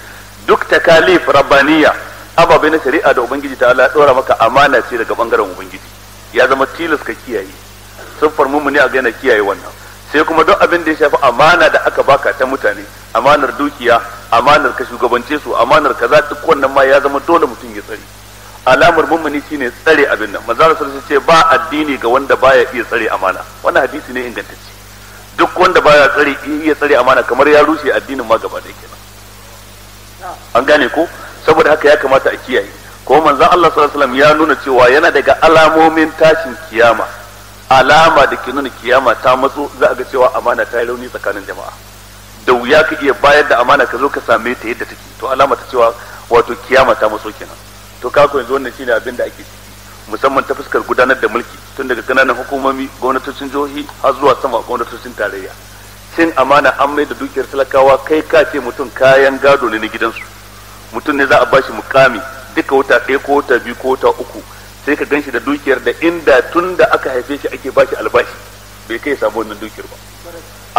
duk takalif rabbaniya ababe na shari'a da ubangiji ta Allah ya dora maka amana ce daga bangaren ubangiji ya zama tilas ka kiyaye mu ne a gaina kiyaye wannan sai kuma duk abin da ya shafi amana da aka baka ta mutane amanar dukiya amanar ka shugabance su amanar kaza duk wannan ma ya zama dole mutum ya tsare alamar mummuni shine tsare abin nan manzo Allah ce ba addini ga wanda baya iya tsare amana wannan hadisi ne ingantacce duk wanda baya tsare iya tsare amana kamar ya rushe addinin ma gaba ɗaya kenan an gane ko saboda haka ya kamata a kiyaye ko manzo Allah sallallahu alaihi ya nuna cewa yana daga alamomin tashin kiyama alama da ke nuna kiyama ta matso za a ga cewa amana ta yi rauni tsakanin jama'a da wuya ka iya bayar da amana ka zo ka same ta yadda take to alama ta cewa wato kiyama ta matso kenan to ka ku yanzu wannan shine abin da ake musamman ta fuskar gudanar da mulki tun daga kananan hukumomi gwamnatocin jihohi har zuwa sama gwamnatocin tarayya cin amana an mai da dukiyar talakawa kai ka ce mutum kayan gado ne na gidansu mutum ne za a bashi mukami duka wata ɗaya ko wata biyu ko wata uku sai ka ganshi da dukiyar da inda tun da aka haife shi ake bashi albashi bai kai samu wannan dukiyar ba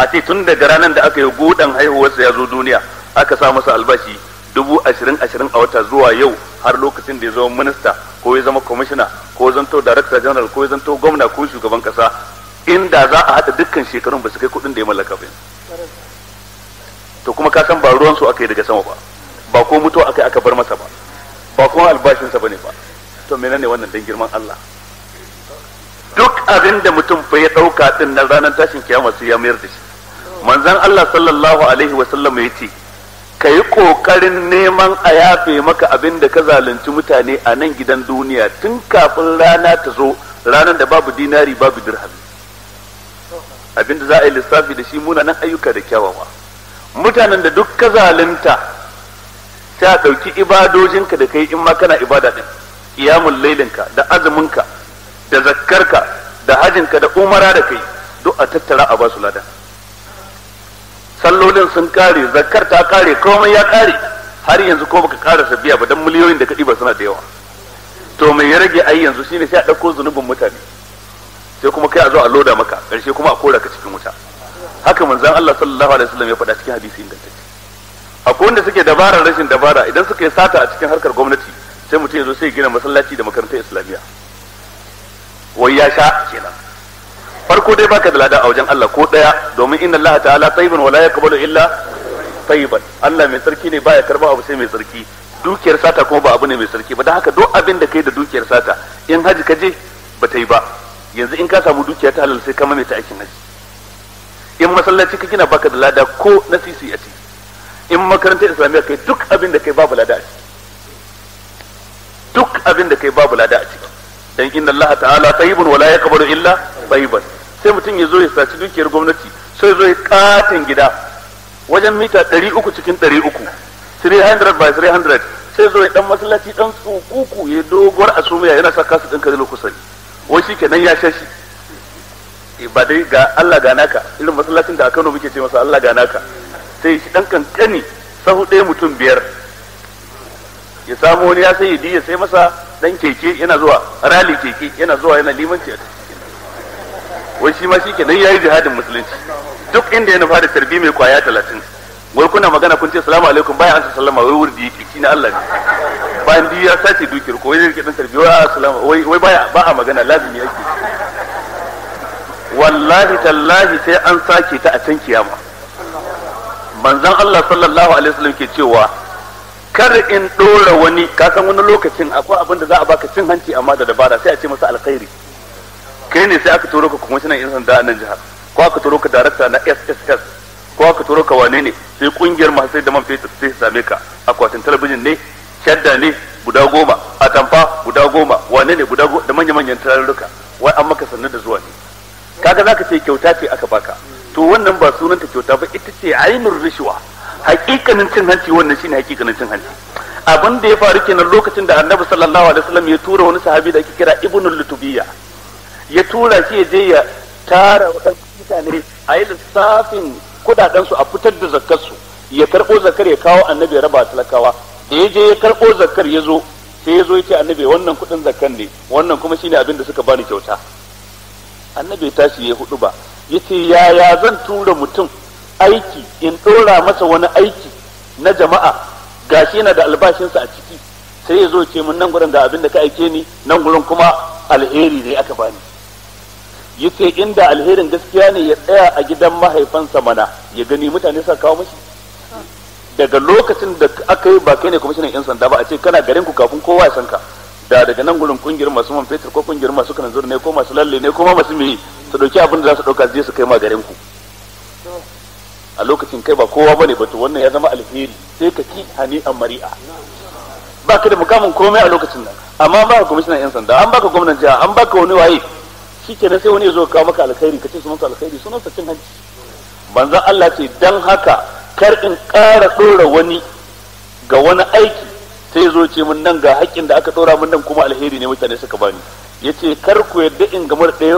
a ce tun daga ranar da aka yi gudan haihuwarsa ya zo duniya aka sa masa albashi dubu ashirin ashirin a wata zuwa yau har lokacin da ya zama minista ko ya zama kwamishina ko ya zanto director general ko ya zanto gwamna ko shugaban kasa inda za a haɗa dukkan shekarun ba su kai kuɗin da ya mallaka ba to kuma ka san ba ruwan su aka yi daga sama ba ba ko mutuwa aka aka bar masa ba ba kuma albashinsa ba ne ba to menene wannan dan girman Allah duk abin da mutum bai ya ɗauka ɗin na ranar tashin kiyama sai ya mayar da shi manzon Allah sallallahu alaihi wa sallam ya ce ka yi ƙoƙarin neman a yafe maka abin da ka zalunci mutane a nan gidan duniya tun kafin rana ta zo ranar da babu dinari babu dirhami abin da za a yi lissafi da shi munanan ayyuka da kyawawa mutanen da duk ka zalunta ta ɗauki ibadojinka da kai in ma kana ibada ɗin kiyamun lailinka da azuminka da zakkarka da hajinka da umara da kai duk a tattara a basu ladan sallolin sun kare zakar ta kare komai ya kare har yanzu ko baka karasa biya ba dan miliyoyin da kadi ba suna da yawa to mai ya rage ai yanzu shine sai a dauko zunubin mutane sai kuma kai a zo a loda maka karshe kuma a kora ka cikin wuta haka manzon Allah sallallahu alaihi wasallam ya faɗa cikin hadisi ingantacce akwai wanda suke dabara rashin dabara idan suka yi sata a cikin harkar gwamnati sai mutum ya zo sai gina masallaci da makarantar islamiyya wai ya sha kenan farko dai baka da lada a wajen Allah ko daya domin inna Allah ta'ala tayyibun wala yaqbalu illa tayyiban Allah mai tsarki ne baya karba abu sai mai tsarki dukiyar sata kuma ba abu ne mai tsarki ba dan haka duk abin da kai da dukiyar sata in haji ka je ba ta yi ba yanzu in ka samu dukiya ta halal sai ka ta aikin haji in masallaci ka gina baka da lada ko na sisi a ciki in makarantar islamiyya kai duk abin da kai babu lada a ciki duk abin da kai babu lada a ciki dan inna Allah ta'ala tayyibun wala yaqbalu illa tayyiban sai mutum ya zo ya saci dukiyar gwamnati sai zo ya katin gida wajen mita 300 cikin 300 300 by 300 sai zo ya dan masallaci dan tsukuku ya doguwar sumaya yana saka su dinka zalo kusari wai shikenan ya shashi eh, ba dai ga Allah ga naka irin masallacin da a Kano muke ce masa Allah ga naka sai shi dan kankani sahu ɗaya mutum biyar ya samu wani ya sai ya diya sai masa dan keke yana zuwa rali keke yana zuwa yana limanci a wai shi ma shi ke dan yayi jihadin musulunci duk inda ya fara tarbi mai kwaya talatin wai kuna magana kun ce salamu alaikum bayan ansa sallama wai wurdi yake shi na Allah ne bayan biyu ya sace dukiyar ko wai yake dan tarbi wai assalamu wai wai baya ba a magana lazimi yake wallahi tallahi sai an sake ta a can kiyama manzon Allah sallallahu alaihi wasallam ke cewa kar in dora wani ka san wani lokacin akwai abin da za a baka cin hanci amma da dabara sai a ce masa alkhairi kai ne sai aka turo ka kwamishinan yan sanda nan jihar ko aka turo ka darakta na SSS ko aka turo ka wane ne sai kungiyar masu sai da man fetur sai ta same ka akwatin talabijin ne shadda ne guda goma tamfa guda goma wane ne guda da manya manyan tararruka wai an maka sannu da zuwa ne kaga zaka ce kyauta ce aka baka to wannan ba sunanta kyauta ba ita ce ainihin rishwa hakikanin cin hanci wannan shine hakikanin cin hanci abin da ya faru kenan lokacin da annabi sallallahu alaihi wasallam ya tura wani sahabi da ake kira ibn lutubiya ya tura shi ya je ya tara wadansu mutane a yi lissafin kudaden su a fitar da zakkar su ya karbo zakkar ya kawo annabi raba talakawa da ya je ya karbo zakkar ya zo sai ya zo ya ce annabi wannan kudin zakar ne wannan kuma shine abin da suka bani kyauta annabi ya tashi ya huɗu ba ce yaya zan tura mutum aiki in ɗora masa wani aiki na jama'a gashi yana da albashinsa a ciki sai ya zo ce min nan gurin ga abin da ka aike ni nan gurin kuma alheri ne aka bani yace inda alherin gaskiya ne ya tsaya a gidan mahaifansa mana ya gani mutane sa kawo mashi daga lokacin da aka yi ba kai ne kwamishinan yan sanda ba a ce kana garin ku kafin kowa ya san da daga nan gurin kungiyar masu man fetur ko kungiyar masu kanzur ne ko masu lalle ne ko masu meye su dauki abin da za su dauka su su kai ma garin ku a lokacin kai ba kowa bane ba to wannan ya zama alheri sai ka ki hani an mari'a ba ka da mukamin komai a lokacin nan amma an ka kwamishinan yan sanda an baka gwamnan jiha an baka wani waye shi kenan sai wani ya zo kawo maka alkhairi ka ce su maka alkhairi sunan sa cin hanci banzan Allah ce dan haka kar in ƙara dora wani ga wani aiki sai zo ce mun nan ga haƙƙin da aka ɗora mun nan kuma alheri ne mutane suka bani yace kar ku yadda in gamar ɗaya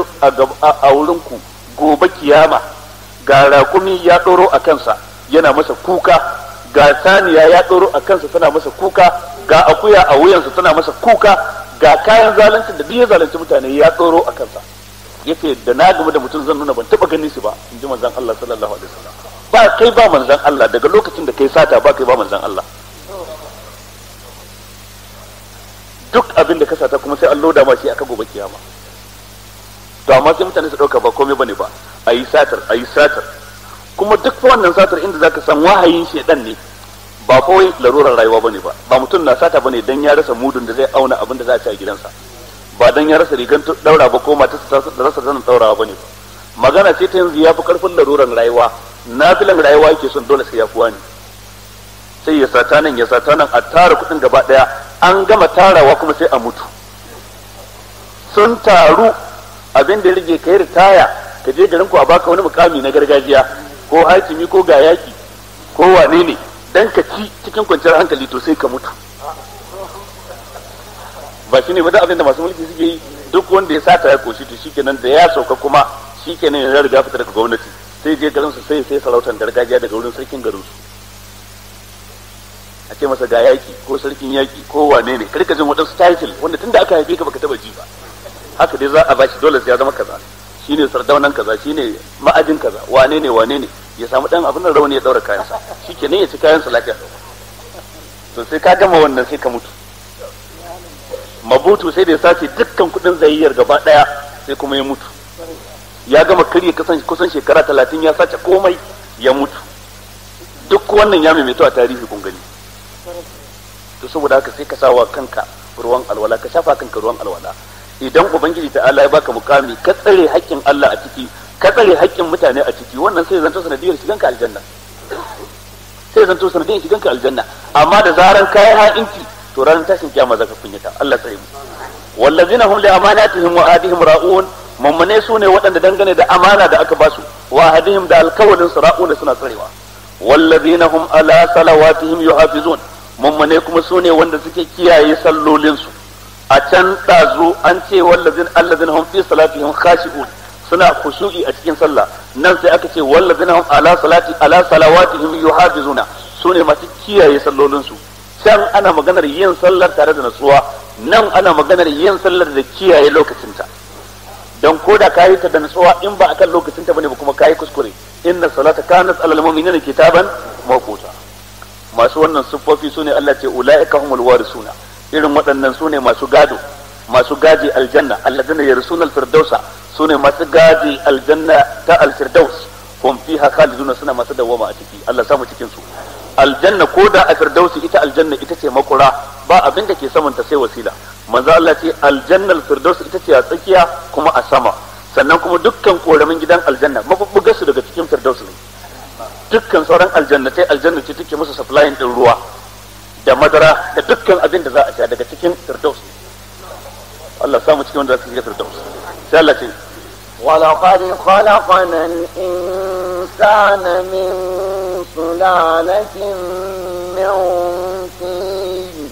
a wurin ku gobe kiyama ga rakumi ya ɗoro a kansa yana masa kuka ga saniya ya ɗoro a kansa tana masa kuka ga akuya a wuyansa tana masa kuka ga kayan zalunci da duk ya zalunci mutane ya ɗoro a kansa yake da na gaba da mutum zan nuna ban taɓa ganin shi ba in ji manzon Allah sallallahu alaihi wasallam ba kai ba manzon Allah daga lokacin da kai sata ba kai ba manzon Allah duk abin da ka sata kuma sai an loda ma shi aka gobe kiyama to amma sai mutane su dauka ba komai bane ba a yi satar a yi satar kuma duk wannan satar inda zaka san wahayin shedan ne ba kawai larurar rayuwa bane ba ba mutum na sata bane dan ya rasa mudun da zai auna abin da za a ci a gidansa ba dan ya rasa rigan daura ba ko mata ta rasa zanin daurawa bane ba magana ce ta yanzu ya fi karfin larurar rayuwa filin rayuwa yake son dole sai ya fi wani sai ya sata nan ya sata nan a tara kuɗin gaba ɗaya an gama tarawa kuma sai a mutu sun taru abin da rage kai ritaya ka je garin ku a baka wani mukami na gargajiya ko hakimi ko ga yaki ko wane ne dan ka ci cikin kwanciyar hankali to sai ka mutu ba shine ba da abin da masu mulki suke yi duk wanda ya sata ya koshi to shikenan da ya sauka kuma shikenan ya riga fita daga gwamnati sai je garin su sai sai sarautar gargajiya daga wurin sarkin garin su a ce masa ga yaki ko sarkin yaki ko wane ne karka jin waɗansu title wanda tunda aka haife ka baka taba ji ba haka dai za a bashi dole sai ya zama kaza shine sardaunan kaza shine ma'ajin kaza wane ne wane ne ya samu dan abin rauni ya daura kayansa ne ya ci kayansa lafiya to sai ka gama wannan sai ka mutu mabutu sai da ya sace dukkan kudin zayyar gaba daya sai kuma ya mutu ya gama karye kusan shekara talatin ya sace komai ya mutu duk wannan ya maimaito a tarihi kun gani to saboda haka sai ka sawa kanka ruwan alwala ka shafa kanka ruwan alwala idan ubangiji ta Allah ya baka mukami ka tsare haƙƙin Allah a ciki ka tsare haƙƙin mutane a ciki wannan sai zanto sanadiyar shigan ka aljanna sai zanto sanadiyar shigan ka aljanna amma da zaran kai ha'inci to ranar tashin kiyama ka kunyata Allah tsare mu wallazina hum li amanatihim wa adihim ra'un mummune su ne waɗanda dangane da amana da aka basu wa hadihim da alkawalin su ra'un suna tsarewa wallazina hum ala salawatihim yuhafizun mummune kuma su ne wanda suke kiyaye sallolin su a can ɗazu an ce wallazin allazin hum fi salatihim khashi'un suna khushu'i a cikin sallah nan sai aka ce wallazin hum ala salati ala salawatihim yuhafizuna sune masu kiyaye sallolinsu can ana maganar yin sallar tare da natsuwa nan ana maganar yin sallar da kiyaye lokacinta don ko da kayi ta da natsuwa in ba akan lokacinta bane ba kuma kayi kuskure inna salata kanat alal mu'minina kitaban mawquta masu wannan siffofi sune Allah ce ulaika humul warisuna irin waɗannan su ne masu gado masu gaji aljanna alladina yarsun alfirdausa su ne masu gaji aljanna ta alfirdaus hum fiha khaliduna suna masu dawwama a ciki Allah samu cikin su aljanna ko da a firdausi ita aljanna ita ce makura ba abin da ke saman ta sai wasila manzo Allah ce aljanna alfirdausi ita ce a tsakiya kuma a sama sannan kuma dukkan koramin gidan aljanna mabubbuga su daga cikin firdaus ne dukkan sauran sai aljanna ce take musu supplying din ruwa da madara da dukkan abin da za a sha daga cikin firdaus Allah samu cikin wanda za su shiga firdaus sai Allah ce ولقد خلقنا الإنسان من سلالة من طين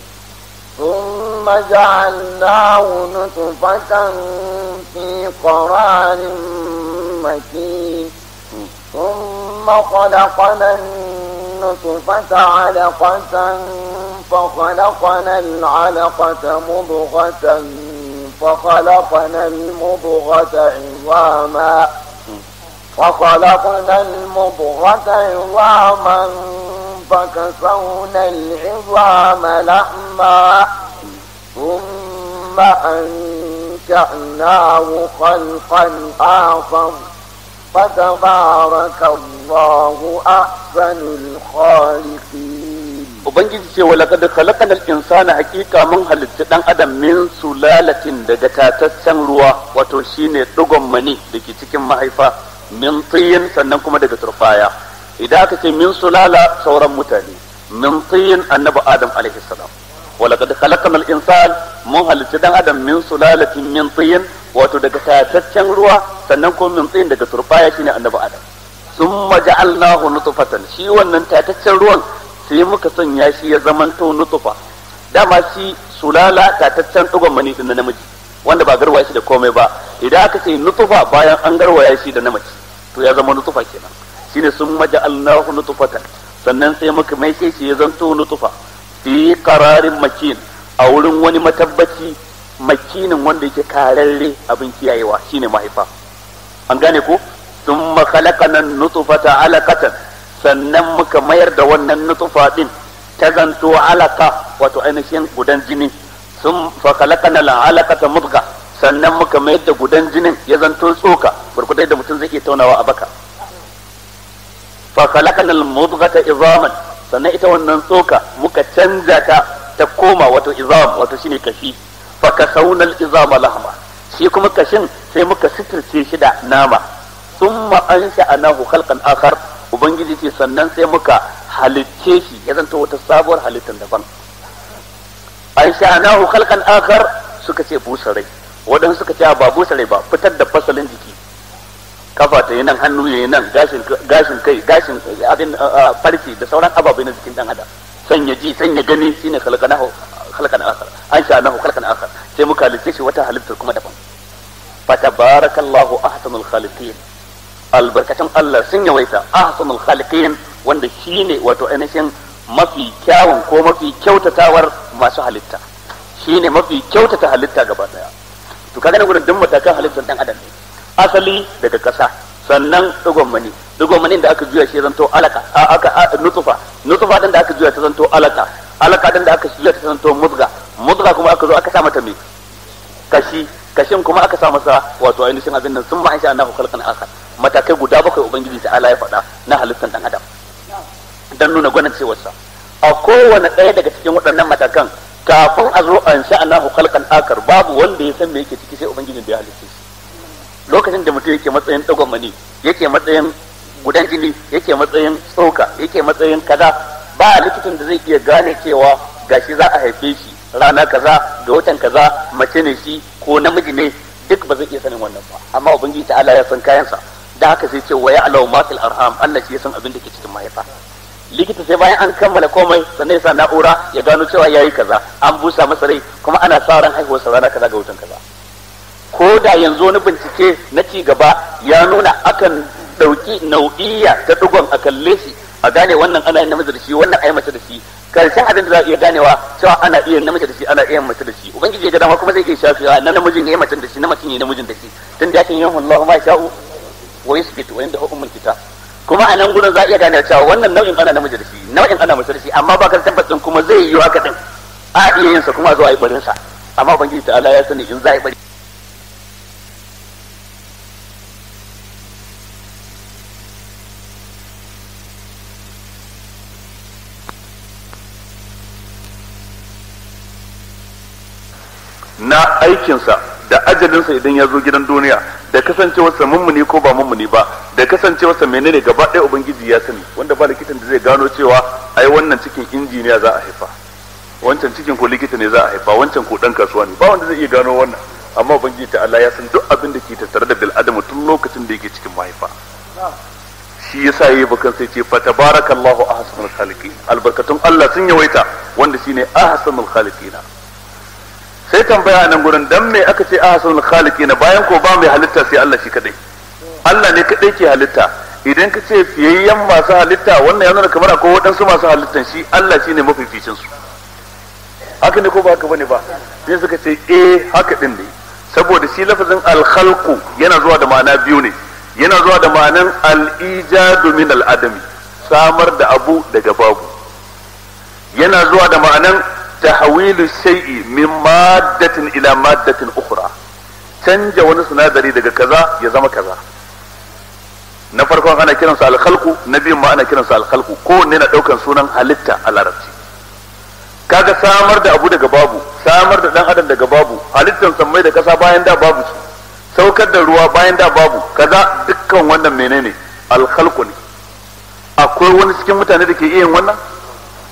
ثم جعلناه نطفة في قرار مكين ثم خلقنا الناس نطفة علقة فخلقنا العلقة مضغة فخلقنا المضغة عظاما فخلقنا المضغة عظاما فكسونا العظام لحما ثم أنشأناه خلقا آخر فتبارك الله أحسن الخالقين Ubangiji ce wa laqad khalaqana al-insana haqiqa mun halitta dan adam min sulalatin daga tataccen ruwa wato shine dugon mani dake cikin mahaifa min tiyin sannan kuma daga turfaya idan aka ce min sulala sauran mutane min tiyin annabi adam alaihi walaqad khalaqnal insana mun halitta dan adam min sulalatin min tin wato daga tataccen ruwa sannan ko min tin daga turbaya shine annabi adam summa ja'alnahu nutfatan shi wannan tataccen ruwan sai muka sanya shi ya to nutfa dama shi sulala tataccen dugon mani din namiji wanda ba garwaya shi da komai ba idan aka ce nutfa bayan an garwaya shi da namiji to ya zama nutfa kenan shine summa ja'alnahu nutfatan sannan sai muka mai shi ya zanto nutfa fi qararin makin a wurin wani matabbaci makinin wanda yake kararre abin kiyayewa shine mahaifa an gane ko thumma khalaqana nutfata alaqatan sannan muka mayar da wannan nutfa din ta zanto alaka wato ainihin gudan jini sun fakalaka na alakata mudga sannan muka mayar da gudan jinin ya zanto tsoka burkudai da mutum zai iya taunawa a baka fa na al ta izaman sannan ita wannan tsoka muka canza ta ta koma wato izam wato shine kashi fa kasawnal izama lahma shi kuma kashin sai muka sitirce shi da nama thumma anahu khalqan akhar ubangiji ce sannan sai muka halicce shi ya zanto wata sabuwar halittar daban anahu khalqan akhar suka ce busarai waɗansu suka ce ba busarai ba fitar da fasalin jiki kafa ta yi nan hannu ya yi nan gashin kai gashin eh, abin eh, eh, farce da sauran ababai na jikin dan adam sanya ji sanya gani shine khalqanahu khalqan akhar an sha nahu khalqan akhar sai muka halitta shi wata halittar kuma daban fa tabarakallahu ahsanul khaliqin albarkatan Allah sun yawaita ahsanul khaliqin wanda shine wato ainihin mafi kyawun ko mafi kyautatawar masu halitta shine mafi kyautata halitta gaba daya to kaga na gurin duk matakan halittar dan adam ne asali daga ƙasa sannan digon mani digon da aka juya shi zanto alaka aka nutsufa nutsufa din da aka juya ta zanto alaka alaka din da aka juya ta zanto mudga mudga kuma aka zo aka sa mata me kashi kashin kuma aka sa masa wato ainihin abin nan sun ma insha Allah khalqan akhar matakai guda bakwai ubangiji ta ala ya faɗa na halittar dan adam dan nuna gwanin cewa sa a kowane ɗaya daga cikin waɗannan matakan kafin a zo an sha Allahu akar babu wanda ya san me yake ciki sai ubangijin da ya halitta shi lokacin da mutum yake matsayin tsagwamani yake matsayin gudan jini yake matsayin tsoka yake matsayin kaza ba likitan da zai iya gane cewa gashi za a haife shi rana kaza ga watan kaza mace ne shi ko namiji ne duk ba zai iya sanin wannan ba amma ubangiji ta Allah ya san kayansa da haka sai ce waya alau matil arham Allah shi ya san abin da ke cikin mahaifa likita sai bayan an kammala komai sannan ya sa na'ura ya gano cewa yayi kaza an busa masa rai kuma ana sa ran sa rana kaza ga watan kaza ko da yanzu wani bincike na ci gaba ya nuna akan ɗauki nau'iya ta dugon a kalle shi a gane wannan ana yin namiji da shi wannan ai mace da shi karshen abin da za a iya ganewa cewa ana iya namiji da shi ana iya mace da shi ubangiji ya ga dama kuma zai iya shafi na namijin ya mace da shi na mace ne namijin da shi tun da yakin yahu Allahu ma sha'u wa yusbit wa inda hukumul kitab kuma a nan gurin za a iya ganewa cewa wannan nau'in ana namiji da shi nau'in ana mace da shi amma ba ka tabbas kuma zai yi haka din a iya yin sa kuma zo a yi barin sa amma ubangiji ta'ala ya sani in za a yi barin na aikinsa da ajalinsa idan ya zo gidan duniya da kasancewarsa mummuni ko ba mummuni ba da kasancewarsa menene gaba ɗaya ubangiji ya sani wanda ba likitan da zai gano cewa ai wannan cikin injiniya za a haifa wancan cikin ko likita ne za a haifa wancan ko dan kasuwa ne ba wanda zai iya gano wannan amma ubangiji ta Allah ya san duk abin da ke tattare da bil adam tun lokacin da yake cikin mahaifa shi yasa yayi bakan sai ce fa tabarakallahu ahsanul khaliqin albarkatun Allah sun yawaita wanda shine ahsanul khaliqina sai tambaya nan gurin dan me aka ce ahsanul khaliqin bayan ko ba mai halitta sai Allah shi kadai Allah ne kadai ke halitta idan ka ce fiyayyen masu halitta wannan yana kamar akwai waɗansu masu halittan shi Allah shine mafificin su haka ne ko ba haka bane ba sai suka ce eh haka din ne saboda shi lafazin al-khalqu yana zuwa da ma'ana biyu ne yana zuwa da ma'anan al-ijadu min al-adami samar da abu daga babu yana zuwa da ma'anan tahwilu shay'i min maddatin ila maddatin ukhra canja wani sinadari daga kaza ya zama kaza na farkon ana kiransa alkhalqu na biyun ma ana kiransa alkhalqu ko na ɗaukan sunan halitta a larabci kaga samar da abu daga babu samar da dan adam daga babu halittan sammai da kasa bayan da babu su saukar da ruwa bayan da babu kaza dukkan wannan menene alkhalqu ne akwai wani cikin mutane da ke iya wannan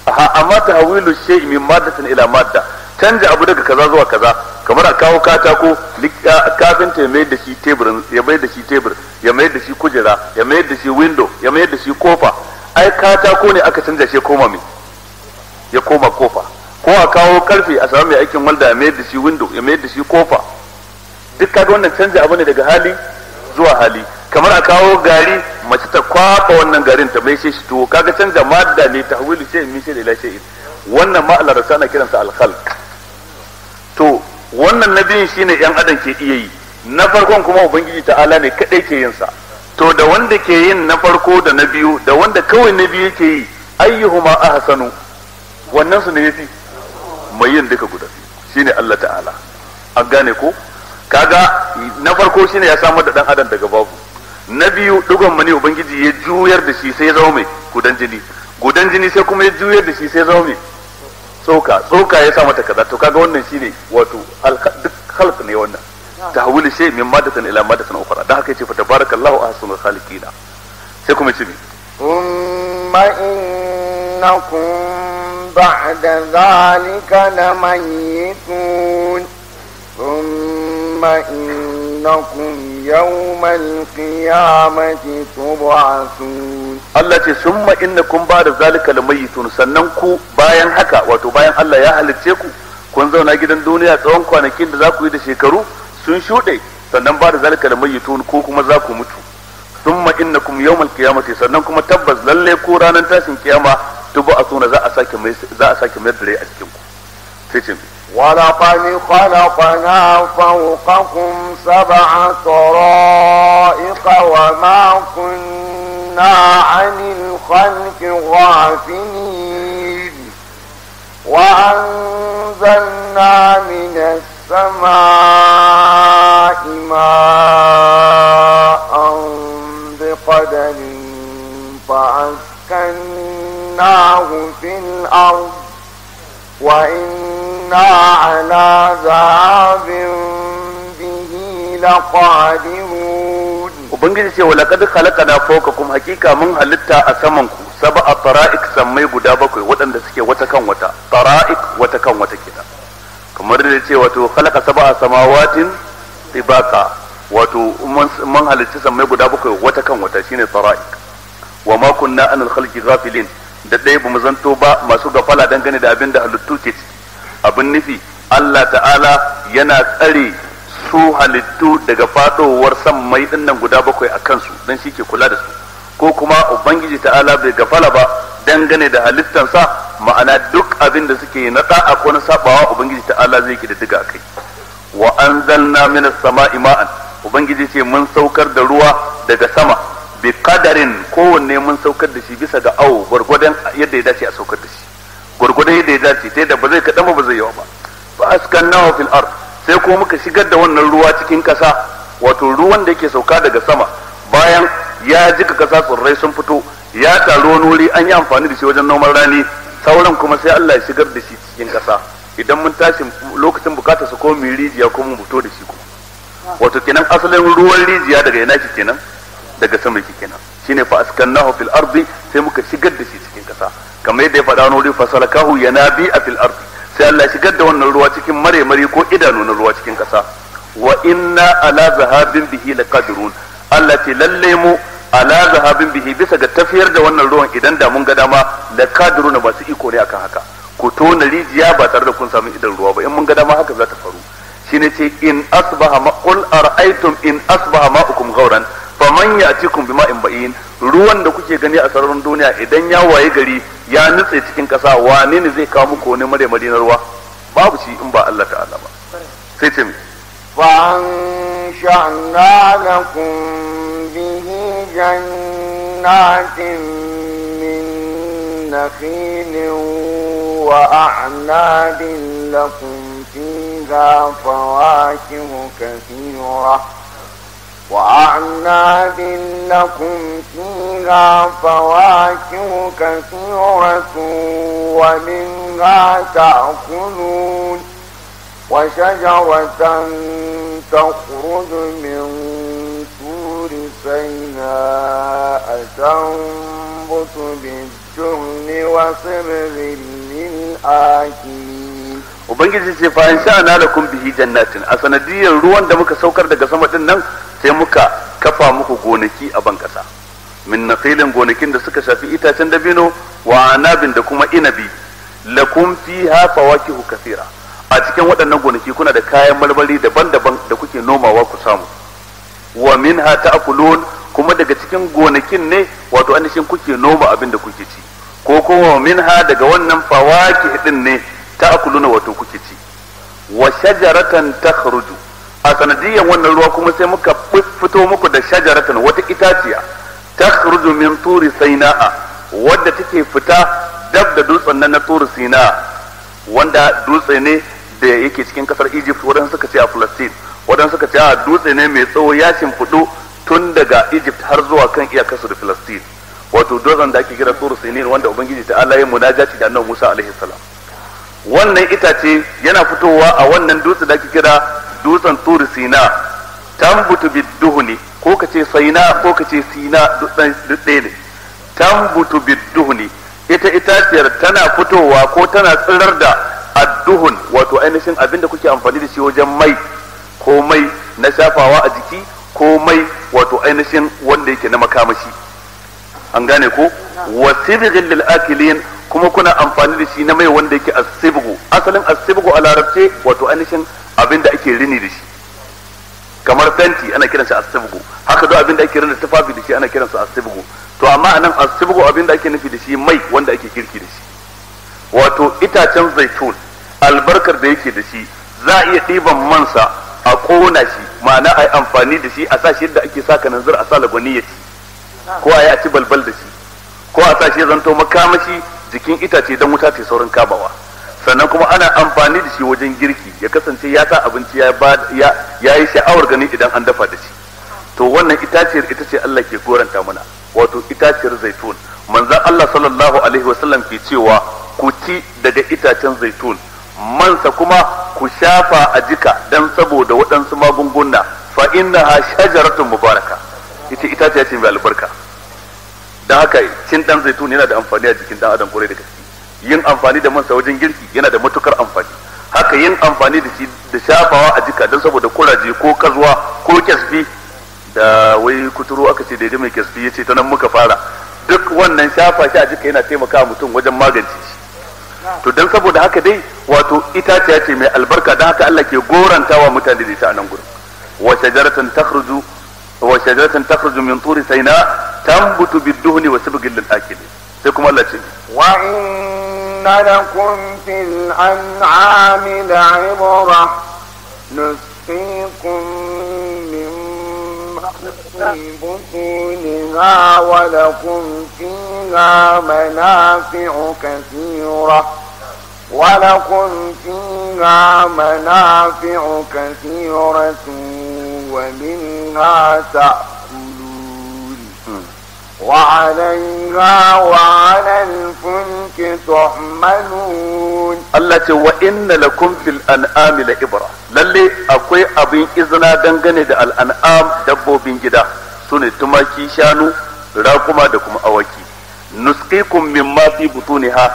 amma tahwilu shay'i min maddatin ila madda canja abu daga kaza zuwa kaza kamar a kawo katako kafin ta mai da shi tebur ya mai da shi tebur ya mai da shi kujera ya mai da shi window ya mai da shi kofa ai katako ne aka canja shi koma mai ya koma kofa ko a kawo karfe a samu mai aikin walda ya mai da shi window ya mai da shi kofa duk kaga wannan canja abu ne daga hali zuwa hali kamar a kawo gari mace ta kwafa wannan garin ta mai shi tuwo kaga canza madda ne ta shi mai min da ila shi wannan ma Allah rasana kiransa al to wannan na nabiyin shine yan adam ke iya yi na farkon kuma ubangiji ta'ala ne kadai ke yin sa to da wanda ke yin na farko da na biyu da wanda kawai na biyu ke yi ayyuhuma ahsanu wannan su ne yafi mai yin duka guda shine Allah ta'ala an gane ko kaga na farko shine ya samar da dan adam daga babu na biyu dugon mani ubangiji ya juyar da shi sai ya zama mai gudan jini gudan jini sai kuma ya juyar da shi sai ya zama mai tsoka tsoka ya sa mata kaza to kaga wannan shine wato duk halk ne wannan tahwil shay min madatin ila madatin ukhra dan haka yace fa tabarakallahu ahsanul khaliqina sai kuma ce umma innakum ba'da zalika lamayitun إنكم يوم القيامة تبعثون الله ce summa innakum ba'da zalika lamayitun sannan ku bayan haka wato bayan Allah ya halicce ku kun zauna gidan duniya tsawon kwanakin da za ku yi da shekaru sun shuɗe sannan ba da zalika da mayyitun ko kuma za ku mutu sun thumma innakum yawmal qiyamati sannan kuma tabbas lalle ko ranar tashin kiyama tubu asuna za a sake mai za a sake mai dare a cikinku sai ce ولقد خلقنا فوقكم سبع طرائق وما كنا عن الخلق غافلين وأنزلنا من السماء ماء بقدر فأسكناه في الأرض وإن كنا على به لقادرون ubangiji ce wa laqad khalaqana fawqakum hakika mun halitta a saman ku sab'a tara'iq sammai guda bakwai waɗanda suke wata kan wata wata kan wata kamar da ce wato khalaqa sab'a samawatin tibaka wato mun halitta samai guda bakwai wata kan wata shine tara'iq wa ma kunna anil khalqi ghafilin da ɗaya bamu zanto ba masu gafala dangane da abin da halittu ke ciki abin nufi Allah ta'ala yana tsare su halittu daga fadowar san mai nan guda bakwai a kansu don shi ke kula da su ko kuma ubangiji ta'ala bai gafala ba dangane da halittansa ma'ana duk abin da suke na da'a ko na sabawa ubangiji ta'ala zai ki a kai wa anzalna minas sama'i ma'an ubangiji ce mun saukar da ruwa daga sama bi kadarin kowanne mun saukar da shi bisa ga awo gwargwadon yadda ya dace a saukar da shi gurgurdan yadda ya dace ta da ba zai kaɗan ba zai yawa ba sukan nawa fil ar sai kuma muka shigar da wannan ruwa cikin ƙasa wato ruwan da yake sauka daga sama bayan ya jika ƙasa tsirrai sun fito ya taru wani wuri an yi amfani da shi wajen noman rani sauran kuma sai Allah ya shigar da shi cikin ƙasa idan mun tashi lokacin bukata su ko mu rijiya ko mu fito da shi kuma wato kenan asalin ruwan rijiya daga ina kenan daga sama kenan shine fa askannahu fil ardi sai muka shigar da shi cikin kasa kamar yadda ya faɗa wani wuri fasalakahu yanabi a fil ardi sai Allah shigar da wannan ruwa cikin mare ko idanu na ruwa cikin kasa wa inna ala zahabin bihi laqadirun Allah ce lalle mu ala zahabin bihi bisa ga tafiyar da wannan ruwan idan da mun ga dama lakadurun ba su iko ne akan haka ku tona rijiya ba tare da kun samu idan ruwa ba in mun ga dama haka za ta faru shine ce in asbaha ma qul ara'aytum in asbaha ma'ukum ghauran faman ya'tikum bima'in ba'in ruwan da kuke gani a sararin duniya idan ya waye gari ya nutse cikin kasa wane ne zai kawo muku wani mare mare na ruwa babu shi in ba Allah ta'ala ba sai ce mi lakum bihi jannatin min nakhilin wa a'nadin lakum فيها فواكه كثيرة وأعناب لكم فيها فواكه كثيرة ومنها تأكلون وشجرة تخرج من طور سيناء تنبت بالجهن وصبر للآكلين ubangiji ce fa sha na lakum bihi jannatin a sanadiyar ruwan da muka saukar daga sama din nan sai muka kafa muku gonaki a ban kasa min nakhilin gonakin da suka shafi itacen dabino wa anabin da kuma inabi lakum fiha fawakihu kathira a cikin waɗannan gonaki kuna da kayan marmari daban-daban da kuke nomawa ku samu wa minha ta'kulun kuma daga cikin gonakin ne wato anishin kuke noma abin da kuke ci ko kuma minha daga wannan fawaki din ne ta'kuluna wato kuke ci wa shajaratan takhruju a sanadiyan wannan ruwa kuma sai muka fito muku da shajaratan wata itaciya takhruju min turi sainaa wadda take fita dab da dutsen nan na turi sinaa wanda dutse ne da yake cikin kasar Egypt wadansu suka ce a Palestine wadansu suka ce a dutse ne mai tsawo ya fudu tun daga Egypt har zuwa kan iyakar su da Palestine wato dutsen da ake kira turi sinin wanda ubangiji ta Allah ya munajaci da Annabi Musa alaihi salam wannan itace yana fitowa a wannan dutse da ake kira dutsen turi sina tambutu bidduhuni ko ka ce saina ko ka ce sina dutsen dutse ne tambutu ita itaciyar tana fitowa ko tana tsirar da adduhun wato ainihin abinda kuke amfani da shi wajen mai ko mai na shafawa a jiki ko mai wato ainihin wanda yake na makamashi an gane ko wa sibghil lil akilin kuma kuna amfani da shi na mai wanda yake asibgu asalin asibgu a larabce wato anishin abinda ake rini da shi kamar fenti ana kiransa asibgu haka da abinda ake rini da tufafi da shi ana kiransa asibgu to amma anan asibgu abinda ake nufi da shi mai wanda ake kirki da shi wato itacen zaitun albarkar da yake da shi za a iya ɗiban mansa a ƙona shi ma'ana a yi amfani da shi a sa shi yadda ake sa kananzir a sa lagwani ya ci ko a yi a ci balbal da shi ko a sashi shi zanto makamashi jikin itace don wuta ce saurin kabawa sannan kuma ana amfani da shi wajen girki ya kasance ya sa abinci ya yi sha'awar gani idan an dafa da shi to wannan itaciyar ita ce Allah ke goranta mana wato itaciyar zaitun manzan Allah sallallahu alaihi wasallam ke cewa ku ci daga itacen zaitun mansa kuma ku shafa a jika don saboda waɗansu magunguna fa innaha shajaratun mubaraka ita ita ce mai albarka dan haka cin dan zaitun yana da amfani a jikin dan adam kore da gaske yin amfani da sa wajen girki yana da matukar amfani haka yin amfani da shi da shafawa a jika don saboda kuraje ko kazuwa ko kasbi da wai kuturo aka ce daidai mai kyasbi yace ta nan muka fara duk wannan shafa shi a jika yana taimaka mutum wajen magance shi to dan saboda haka dai wato itaciya ce mai albarka dan haka Allah ke gorantawa mutane da ita a nan gurin wa shajaratan takhruju وشجرة تخرج من طور سيناء تنبت بالدهن وسبق للآكلين سيكم الله شيء وإن لكم في الأنعام لعبرة نسقيكم مما في بطونها ولكم فيها منافع كثيرة ولكم فيها منافع كثيرة ومنها منها تأكلون وعليها وعلى الفلك تحملون الله وإن لكم في الأنعام لإبرة lalle akwai abin izina dangane da al'an'am dabbobin gida su ne tumaki shanu rakuma da kuma awaki nusqikum mimma fi butuniha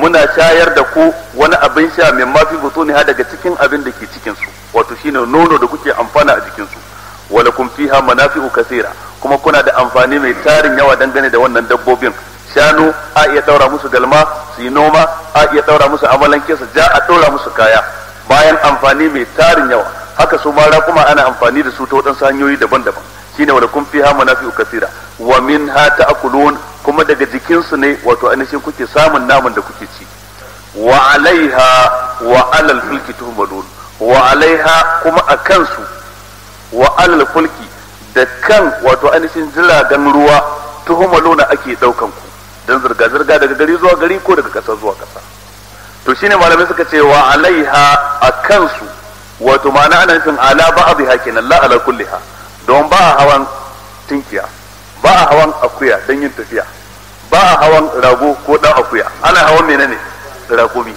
muna shayar da ku wani abin sha mimma fi butuniha daga cikin abin da ke cikin su wato shine nono da kuke amfana a jikinsu. walakum fiha manafi'u kaseera kuma kuna da amfani mai tarin yawa dangane da wannan dabbobin shanu a iya daura musu galma su noma a iya daura musu amalan su ja a daura musu kaya bayan amfani mai tarin yawa haka su mara kuma ana amfani da su ta waɗansu hanyoyi daban-daban shine walakum fiha manafi'u kaseera wa minha ta'kulun kuma daga jikinsu ne wato ainihin kuke samun naman da kuke ci wa alaiha wa alal fulki tuhmalun wa alaiha kuma a kansu wa alal fulki da kan wato ainihin jiragen ruwa tuhuma luna ake daukan ku dan zirga zirga daga gari zuwa gari ko daga kasa zuwa kasa to shine malamai suka ce wa alaiha a kansu wato ma'ana ana nufin ala ba'dha kenan la ala kulliha don ba a hawan tinkiya ba a hawan akuya dan yin tafiya ba a hawan rago ko dan akuya ana hawan menene rakumi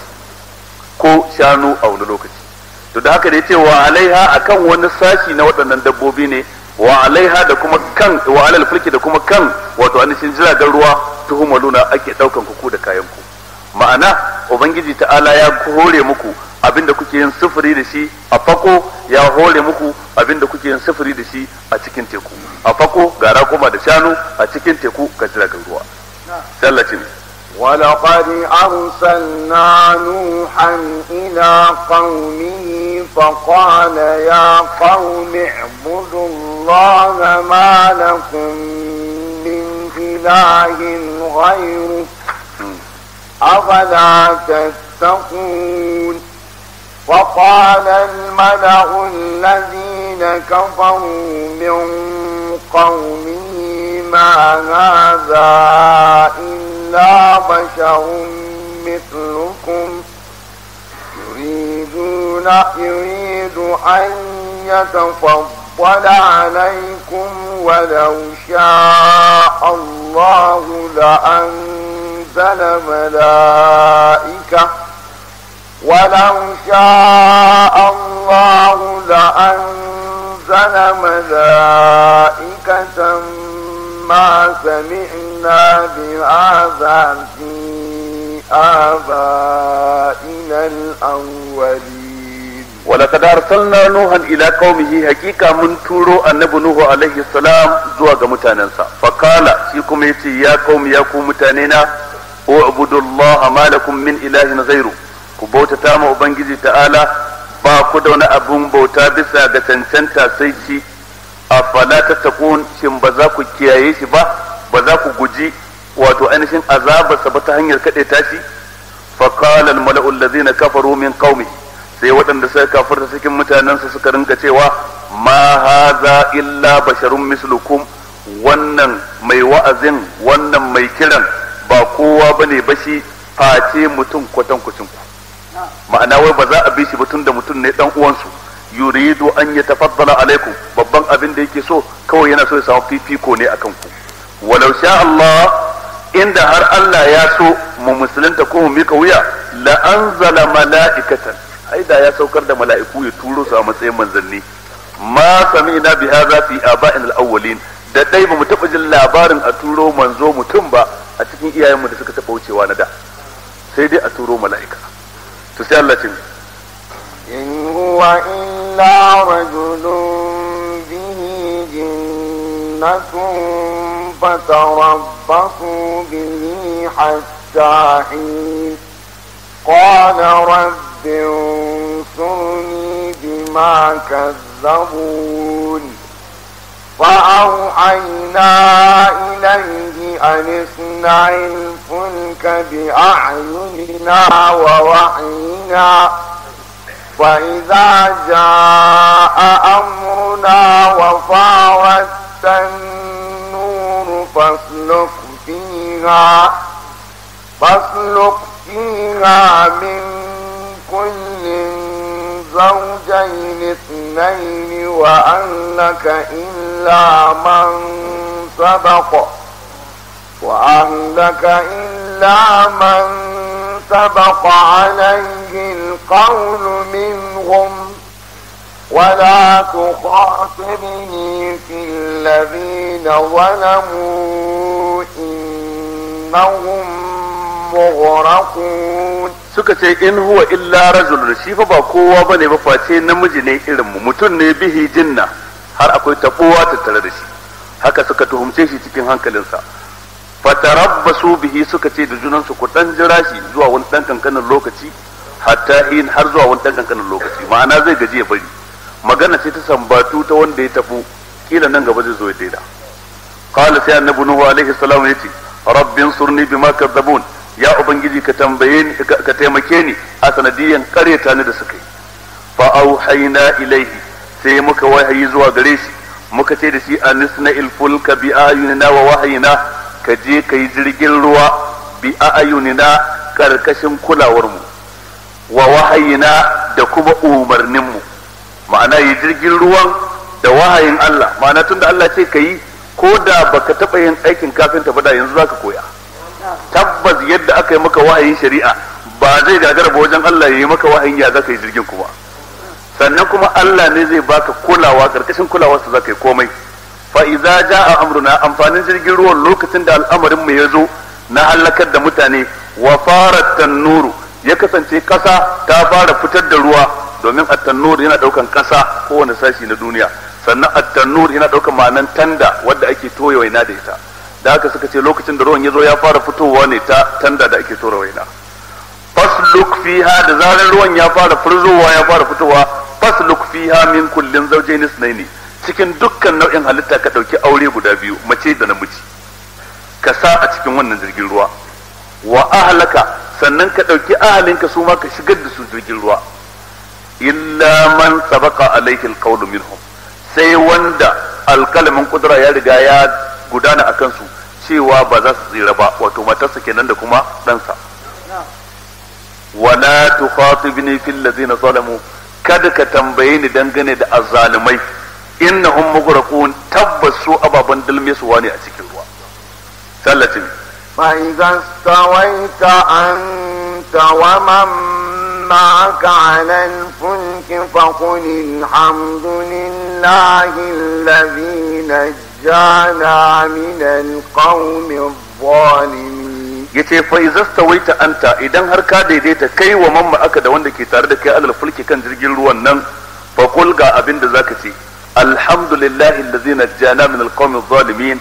ko shanu a wani lokaci to da haka da ce wa alaiha akan wani sashi na waɗannan dabbobi ne wa alaiha da kuma kan wa alal fulki da kuma kan wato anishin jiragen ruwa tuhumaluna ake daukan ku da kayan ku ma'ana ubangiji ta'ala ya hore muku abinda kuke yin sufuri da shi a fako ya hore muku abinda kuke yin sufuri da shi a cikin teku a fako gara kuma da shanu a cikin teku ga jiragen ruwa sallaci ولقد أرسلنا نوحا إلى قومه فقال يا قوم اعبدوا الله ما لكم من إله غيره أفلا تتقون فقال الملأ الذين كفروا من قومه ما هذا إلا بشر مثلكم يريدون يريد أن يتفضل عليكم ولو شاء الله لأنزل ملائكة ولو شاء الله لأنزل ملائكة ما سمعنا بهذا في آبائنا الأولين ولقد أرسلنا نوحا إلى قومه حقيقة من تورو النبي نوح عليه السلام زوى متاننسا فقال سيكم يتي يا قوم يا قوم متاننا اعبدوا الله ما لكم من إله غيره كبوتة تامة أبنجي تعالى ba ku da wani abun bauta afala tattaqun shin ba za ku kiyaye shi ba ba za ku guji wato ainihin azabarsa ba ta hanyar kaɗe tashi fa qala al mala'u allazina kafaru min qaumi sai waɗanda suka kafarta cikin su suka rinka cewa ma haza illa basharun mislukum wannan mai wa'azin wannan mai kiran ba kowa bane shi face mutum kwatankwacin ku ma'ana wai ba za a bi shi ba tun da mutum ne dan uwansu yuridu an yatafaddala alaikum babban abin da yake so kawai yana so ya samu fifiko ne akan ku walau sha Allah inda har Allah ya so mu musulunta ko mu mika wuya la anzala mala'ikatan ai da ya saukar da mala'iku ya turo su a matsayin manzanni ma sami'na bi hadha fi aba'in al-awwalin da dai ba mu taba jin labarin a turo manzo mutum ba a cikin iyayenmu da suka taba wucewa na da تربصوا به حتى حين قال رب انصرني بما كذبون فأوحينا إليه أن اصنع الفلك بأعيننا ووحينا فإذا جاء أمرنا وفارت النار فاسلك فيها فاسلك فيها من كل زوجين اثنين وأهلك إلا من سبق وأهلك إلا من سبق عليه القول منهم ولا تخاطبني في الذين ظلموا إنهم مغرقون suka ce in huwa illa rajul shi fa ba kowa bane ba face namiji ne irin mu mutum ne bihi jinna har akwai tabowa tattare da shi haka suka tuhumce shi cikin hankalinsa tarabbasu bihi suka ce da junansu ku dan jira shi zuwa wani dan kankanin lokaci hatta in har zuwa wani dan kankanin lokaci ma'ana zai gaji ya bari magana ce ta sambatu ta wanda ya tabu kila nan gaba zai zo ya daina qala sai annabi nuhu alaihi salam yace rabbin surni bima kadzabun ya ubangiji ka tambaye ni ka taimake ni a sanadiyan kareta ni da suka yi fa auhayna ilaihi sai muka wahayi zuwa gare shi muka ce da shi anisna fulka bi ayunina wa wahayna ka je ka yi jirgin ruwa bi ayunina karkashin kulawarmu wa wahayina da kuma umarninmu ma'ana yi jirgin ruwan da wahayin Allah ma'ana tunda Allah ce ka yi ko da baka taɓa yin aikin kafinta ba da yanzu zaka koya tabbas yadda aka yi maka wahayin shari'a ba zai gagara ba wajen Allah ya yi maka wahayin ya zaka yi jirgin kuma sannan kuma Allah ne zai baka kulawa karkashin kulawarsa zaka yi komai fa idza jaa amruna amfanin jirgin ruwan lokacin da al'amarin mu ya zo na halakar da mutane wa farat nuru ya kasance kasa ta fara fitar da ruwa domin at-tannur yana daukan kasa kowane sashi na duniya sannan at-tannur yana daukan ma'anan tanda wadda ake toye waina da ita da haka suka ce lokacin da ruwan yazo ya fara fitowa ne ta tanda da ake tora waina fasluk fiha da zarar ruwan ya fara furzowa ya fara fitowa fasluk fiha min kullin zawjayn isnaini cikin dukkan nau'in halitta ka dauki aure guda biyu mace da namiji ka sa a cikin wannan jirgin ruwa wa ahlaka sannan ka dauki ahalinka su ma ka shigar da su jirgin ruwa illa man sabaqa alaihi alqawlu minhum sai wanda alkalamin kudura ya riga ya gudana a kansu cewa ba za su tsira ba wato matarsa kenan da kuma ɗansa wala tukhatibni fil ladzina zalamu kada ka tambaye ni dangane da azzalimai innahum mughraqun tabbas su ababan dalme su wani a cikin ruwa sallatin fa idan sawaita anta wa man معك على الفلك فقل الحمد لله الذي نجانا من القوم الظالمين yace fa iza stawaita anta idan har ka daidaita kai wa mamma aka da wanda ke tare da kai alal fulki kan jirgin ruwan nan fa kul ga abin da zaka ce alhamdulillahi allazi najjana min alqawm adh-dhalimin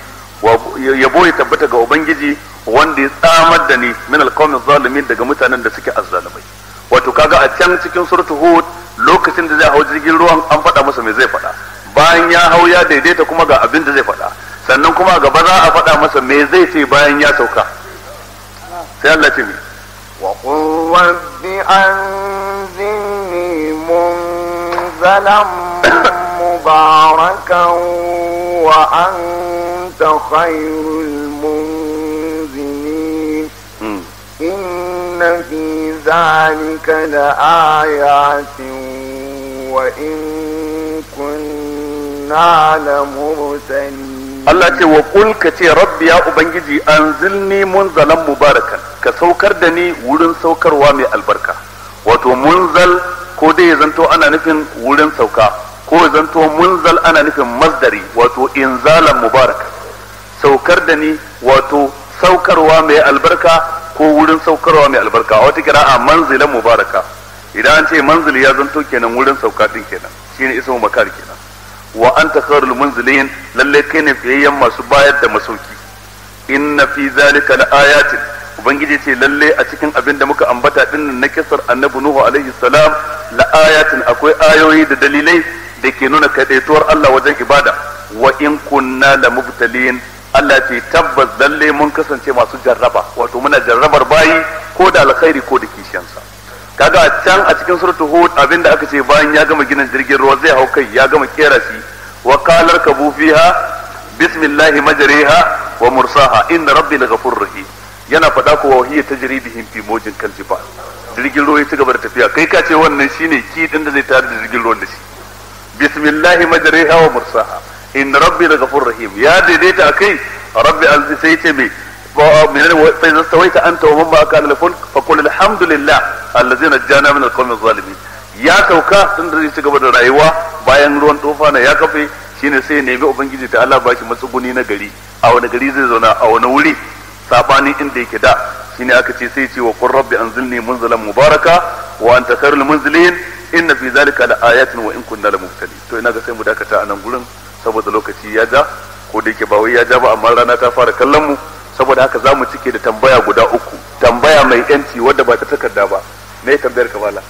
yabo ya tabbata ga ubangiji wanda ya tsamar da ni min alqawm adh-dhalimin daga mutanen da suke azzalumai wato kaga a can cikin surutu hud lokacin da zai hau jirgin ruwan an faɗa masa me zai faɗa bayan ya hau ya daidaita kuma ga abin da zai faɗa sannan kuma a gaba za a faɗa masa me zai ce bayan ya sauka sai Allah ce mi وقل رب أنزلني منزلا wa وأنت خير المنزلين إن في ذلك لآيات وإن كنا لمرسلين Allah ce wa kul ka ce rabbi ya ubangiji anzilni munzalan mubarakan ka saukar da ni wurin saukarwa mai albarka wato munzal ko dai zanto ana nufin wurin sauka ko zanto munzal ana nufin masdari wato inzalan mubarak saukar da ni wato saukarwa mai albarka ko wurin saukarwa mai albarka wata a manzilan mubaraka idan an ce manzili ya zanto kenan wurin sauka din kenan shine ismu makar kenan wa anta khairul munzilin lalle kai ne fiyayyen masu bayar da masauki inna fi zalika laayatin ubangiji ce lalle a cikin abin da muka ambata din na kisar annabi nuhu alaihi salam laayatin akwai ayoyi da dalilai da ke nuna kadaituwar Allah wajen ibada wa in kunna lamubtalin Allah ce tabbas lalle mun kasance masu jarraba wato muna jarrabar bayi ko da alkhairi ko da kishiyansa kaga a can a cikin suratu hud abinda aka ce bayan ya gama ginin jirgin ruwa zai hau kai ya gama kera shi wa kalar kabu fiha bismillahi majriha wa mursaha inna rabbi laghafurur rahim yana faɗa ko wa hiya tajri bihim fi mawjin kaljiba jirgin ruwa ya ci gaba da tafiya kai ka ce wannan shine kidin da zai tare da jirgin ruwan da shi bismillahi majriha wa mursaha in rabbi la ghafur rahim ya daidaita kai, rabbi alzi sai ce me menene sai zastawaita anta wa man ba'aka ala al fa qul alhamdulillah allazi najjana min al-qawmi ya sauka tun da zai ci gaba da rayuwa bayan ruwan na ya kafe shine sai nemi ubangiji ta Allah bashi matsuguni na gari a wani gari zai zauna a wani wuri sabanin inda yake da shine aka ce sai ce wa qur rabbi anzilni munzalan mubaraka wa anta khairul munzilin inna fi zalika la ayatin wa in kunna la mubtalin to ina ga sai mu dakata a nan gurin saboda lokaci ya ja ko da yake ba wai ya ja ba amma rana ta fara kallon mu saboda haka zamu mu cike da tambaya guda uku tambaya mai yanci wadda ba ta takarda ba me tambayar ka bala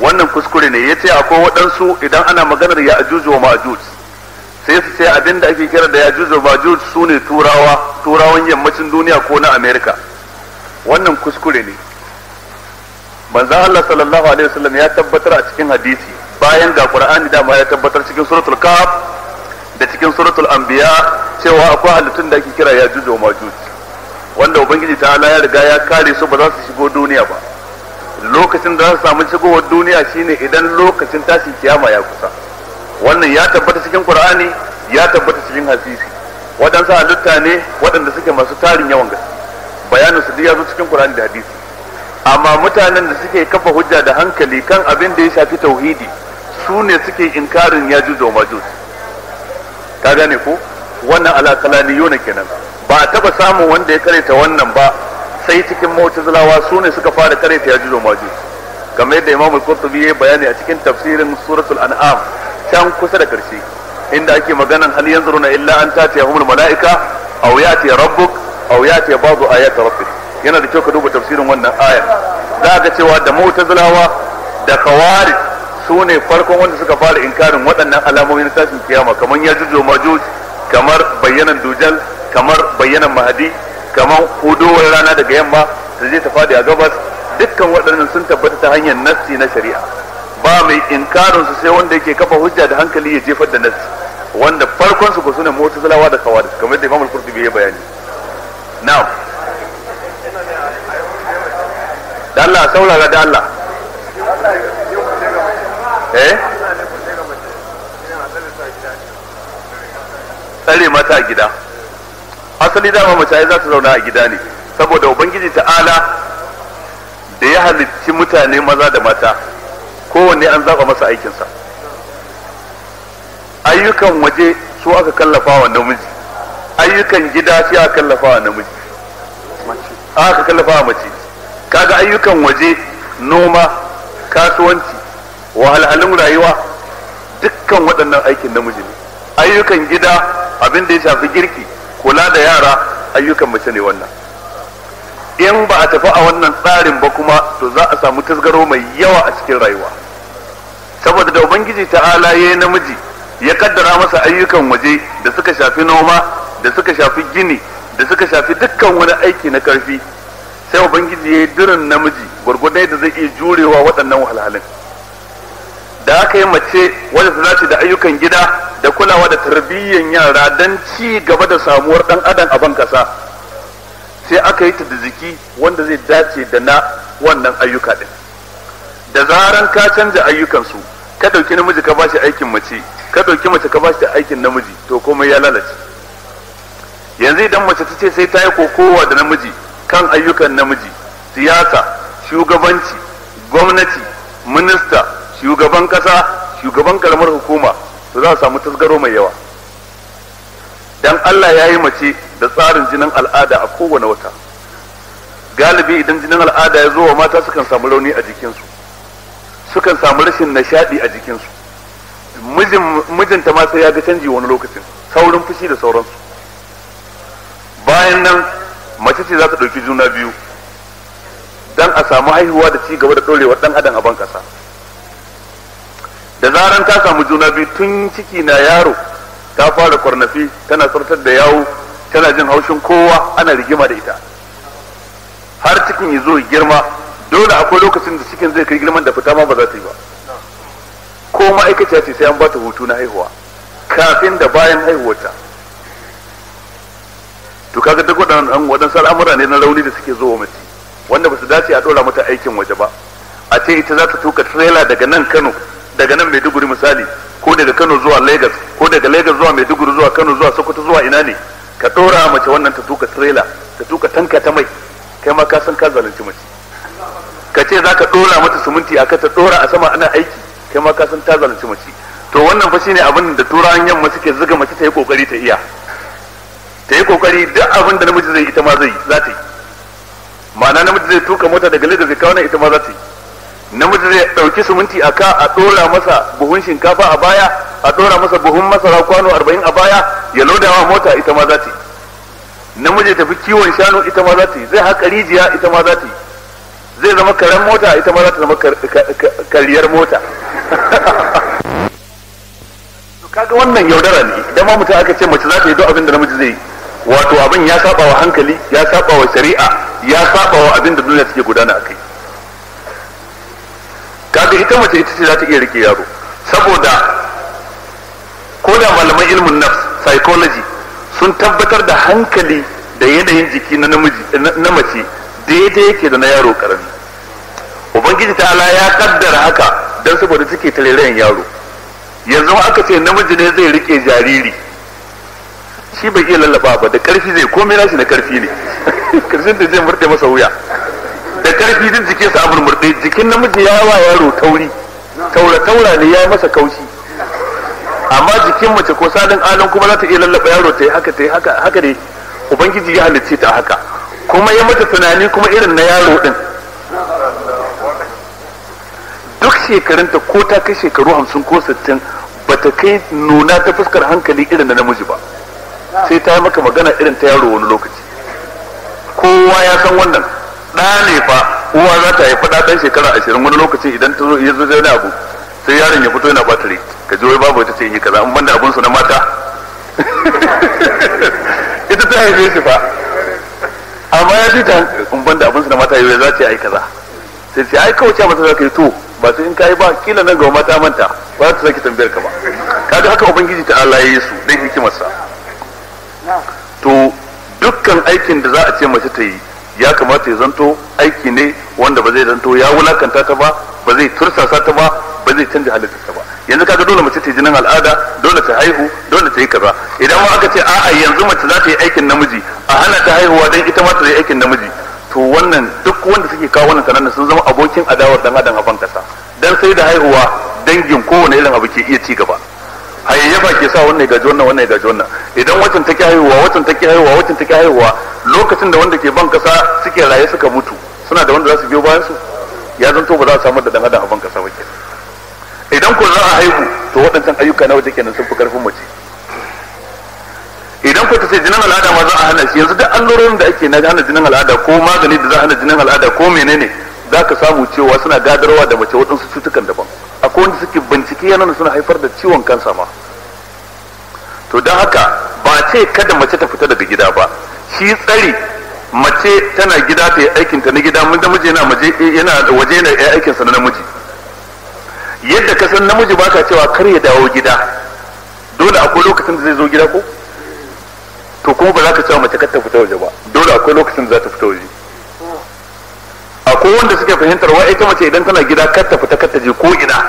wannan kuskure ne yace akwai waɗansu idan ana maganar ya ajuju wa ma'ajuj sai su ce abinda ake kira da ya ajuju wa ma'ajuj su turawa turawan yammacin duniya ko na amerika wannan kuskure ne manzon Allah sallallahu alaihi wasallam ya tabbatar a cikin hadisi bayan ga Qur'ani da ma ya tabbatar cikin suratul kaf da cikin suratul Anbiya cewa akwai halittun da ake kira ya ma majuj wanda ubangiji ta'ala ya riga ya kare su ba za su shigo duniya ba lokacin da za su samu shigowar duniya shine idan lokacin tashin kiyama ya kusa wannan ya tabbata cikin Qur'ani ya tabbata cikin hadisi waɗansu halitta ne waɗanda suke masu tarin yawan gaske bayanin su ya zo cikin Qur'ani da hadisi amma mutanen da suke kafa hujja da hankali kan abin da ya shafi tauhidi su ne suke inkarin ya juzo majus ka gane ko wannan alakalaniyo ne kenan ba a taba samun wanda ya karanta wannan ba sai cikin mu'tazilawa su ne suka fara karanta ya juzo majus kamar yadda Imam al ya bayani a cikin tafsirin suratul an'am can kusa da karshe inda ake maganan hal yanzuruna illa an tatiyahumul mala'ika aw yati rabbuk aw yati ba'd ayati rabbik yana da kyau ka duba tafsirin wannan aya za ga cewa da mu'tazilawa da kawari su ne farkon wanda suka fara inkarin waɗannan alamomi na tashin kiyama kamar yajuj majuj kamar bayyanan dujal kamar bayyanan mahadi kamar hudowar rana daga yamma ta je ta fadi a gabas dukkan waɗannan sun tabbata ta hanyar nassi na shari'a ba mai inkarin su sai wanda yake kafa hujja da hankali ya jefar da nassi wanda farkon su ko ne mu'tazilawa da khawarij kamar da Imam al-Qurtubi ya bayani na'am da Allah saurara da Allah eh tsare mata a gida asali dama mace za ta zauna a gida ne saboda ubangiji ta'ala da ya halitti mutane maza da mata kowanne an zaba masa aikinsa ayyukan waje su aka kallafa wa namiji ayyukan gida shi aka kallafa wa namiji aka kallafa a mace kaga ayyukan waje noma kasuwanci wahalhalun rayuwa dukkan waɗannan aikin namiji ne ayyukan gida abin da ya shafi girki kula da yara ayyukan mace ne wannan in ba a tafi a wannan tsarin ba kuma to za a samu tasgaro mai yawa a cikin rayuwa saboda da ubangiji ta'ala ya namiji ya kaddara masa ayyukan waje da suka shafi noma da suka shafi gini da suka shafi dukkan wani aiki na karfi sai ubangiji ya yi dirin namiji gwargwadon yadda zai iya jurewa waɗannan wahalhalin da aka yi mace wadda ta dace da ayyukan gida da kulawa da tarbiyyan yara don ci gaba da samuwar ɗan adam a ban kasa sai aka yi ta da jiki wanda zai dace da na wannan ayyuka ɗin da zaran ka canza ayyukansu ka ɗauki namiji ka ba shi aikin mace ka ɗauki mace ka ba shi aikin namiji to komai ya lalace yanzu idan mace ta ce sai ta yi kokowa da namiji kan ayyukan namiji siyasa shugabanci gwamnati minista shugaban kasa shugaban karamar hukuma to za a samu tasgaro mai yawa dan Allah ya yi mace da tsarin jinin al'ada a kowane wata galibi idan jinin al'ada ya zo wa mata sukan samu rauni a jikinsu sukan samu rashin nishadi a jikinsu mijinta ma sai ya ga canji wani lokacin saurin fushi da sauransu bayan nan mace ce za ta ɗauki juna biyu don a samu haihuwa da ci gaba da ɗorewar ɗan adam a ban ƙasa da zaran ta samu juna biyu tun ciki na yaro ta fara kwarnafi tana tsartar da yawo tana jin haushin kowa ana rigima da ita har cikin ya zo girma dole akwai lokacin da cikin zai kai girman da fita ma ba za ta yi ba ko ma'aikaciya ce sai an ba ta hutu na haihuwa kafin da bayan haihuwarta to kaga duk waɗannan waɗansu al'amura ne na rauni da suke zo wa mace wanda ba su dace a ɗora mata aikin waje ba a ce ita za ta tuka trailer daga nan Kano daga nan Maiduguri misali ko daga Kano zuwa Lagos ko daga Lagos zuwa Maiduguri zuwa Kano zuwa Sokoto zuwa ina ne ka ɗora mace wannan ta tuka trailer ta tuka tanka ta mai kai ma ka san ka zalunci mace ka ce za ka ɗora mata suminti a ka ta ɗora a sama ana aiki kai ma ka san ta zalunci mace to wannan fa shine abin da turawan yamma suke zuga mace ta yi kokari ta iya ta yi kokari duk abin da namiji zai ita ma zai za ta yi ma'ana namiji zai tuka mota daga lagos zai kawo nan ita ma za ta yi namiji zai ɗauki suminti a ka a ɗora masa buhun shinkafa a baya a ɗora masa buhun masara kwano arba'in a baya ya wa mota ita ma za ta yi namiji tafi kiwon shanu ita ma za ta yi zai haƙa rijiya ita ma za ta yi zai zama karen mota ita ma za ta zama kariyar mota kaga wannan yaudara ne idan ma mutum aka ce mace za ta yi duk abin da namiji zai yi wato abin ya saba wa hankali ya saba wa shari'a ya saba wa abin da duniya suke gudana a kai kaga ita mace ita ce za ta iya rike yaro saboda ko da malaman ilmin nafs psychology sun tabbatar da hankali da yanayin jiki na namiji na mace daidai yake da na yaro karami ubangiji ta ala ya kaddara haka don saboda suke tarerayen yaro yanzu aka ce namiji ne zai rike jariri shi bai iya lallaba ba da karfi zai komai nashi na karfi ne karshen da zai murɗe masa wuya da karfi zai jike sa abin murɗe jikin namiji ya wa yaro tauri taura taura ne ya masa kaushi amma jikin mace ko sadin alon kuma za ta iya lallaba yaro ta yi haka ta yi haka haka ne ubangiji ya halicce ta haka kuma ya mata tunani kuma irin na yaro din duk shekarunta ko ta kai shekaru hamsin ko sittin ba ta kai nuna ta fuskar hankali irin da namiji ba sai ta yi maka magana irin ta yaro wani lokaci kowa ya san wannan ɗa ne fa uwa za ta haifi ɗa ɗan shekara ashirin wani lokaci idan ta zo ya zo zai abu sai yaron ya fito yana ɓata rai ka ji wai babu wata ce yi kaza in banda abin su na mata ita ta haife shi fa amma ya ce ta in banda abin su na mata yau za ta yi kaza sai ce ai kawai ce mata za ka yi to ba su in ka yi ba kila nan ga mata manta ba za ta sake tambayar ka ba kaga haka ubangiji ta Allah ya yi su dan hikimarsa to dukkan aikin da za a ce mace ta yi ya kamata ya zanto aiki ne wanda ba zai zanto ya wulakanta ta ba ba zai tursasa ta ba ba zai canja ta ba yanzu kaga dole mace ta jinin al'ada dole ta haihu dole ta yi kaza idan ma aka ce a'a yanzu mace za ta yi aikin namiji a hana ta haihuwa dan ita ma ta yi aikin namiji to wannan duk wanda suke kawo wannan sanannan sun zama abokin adawar dan adam a ban kasa dan sai da haihuwa dangin kowane irin abu ke iya ci gaba hayayyafa ke sa wannan gaji wannan wannan gaji wannan idan watan take haihuwa watan take haihuwa watan take haihuwa lokacin da wanda ke ban kasa suke raye suka mutu suna da wanda za su biyo bayan su ya zanto ba za a samar da dan adam a ban kasa ba ke. idan kun za a haihu to waɗancan ayyuka na waje kenan sun fi karfin mace idan ku ta ce jinin al'ada ma za a hana shi yanzu duk allurorin da ake na hana jinin al'ada ko magani da za a hana jinin al'ada ko menene za ka samu cewa suna gadarwa da mace waɗansu cutukan daban akwai wanda suke bincike yana suna haifar da ciwon kansa ma to don haka ba ce kada mace ta fita daga gida ba shi tsari mace tana gida ta yi aikinta na gida mun namiji yana waje yana yi aikinsa na namiji yadda ka san namiji ba ka cewa kar ya dawo gida dole akwai lokacin da zai zo gida ko to kuma ba za ka cewa mace kar ta fita waje ba dole akwai lokacin da za ta fita waje ko wanda suke fahimtar wa ita mace idan tana gida kar ta fita kar ta je ko ina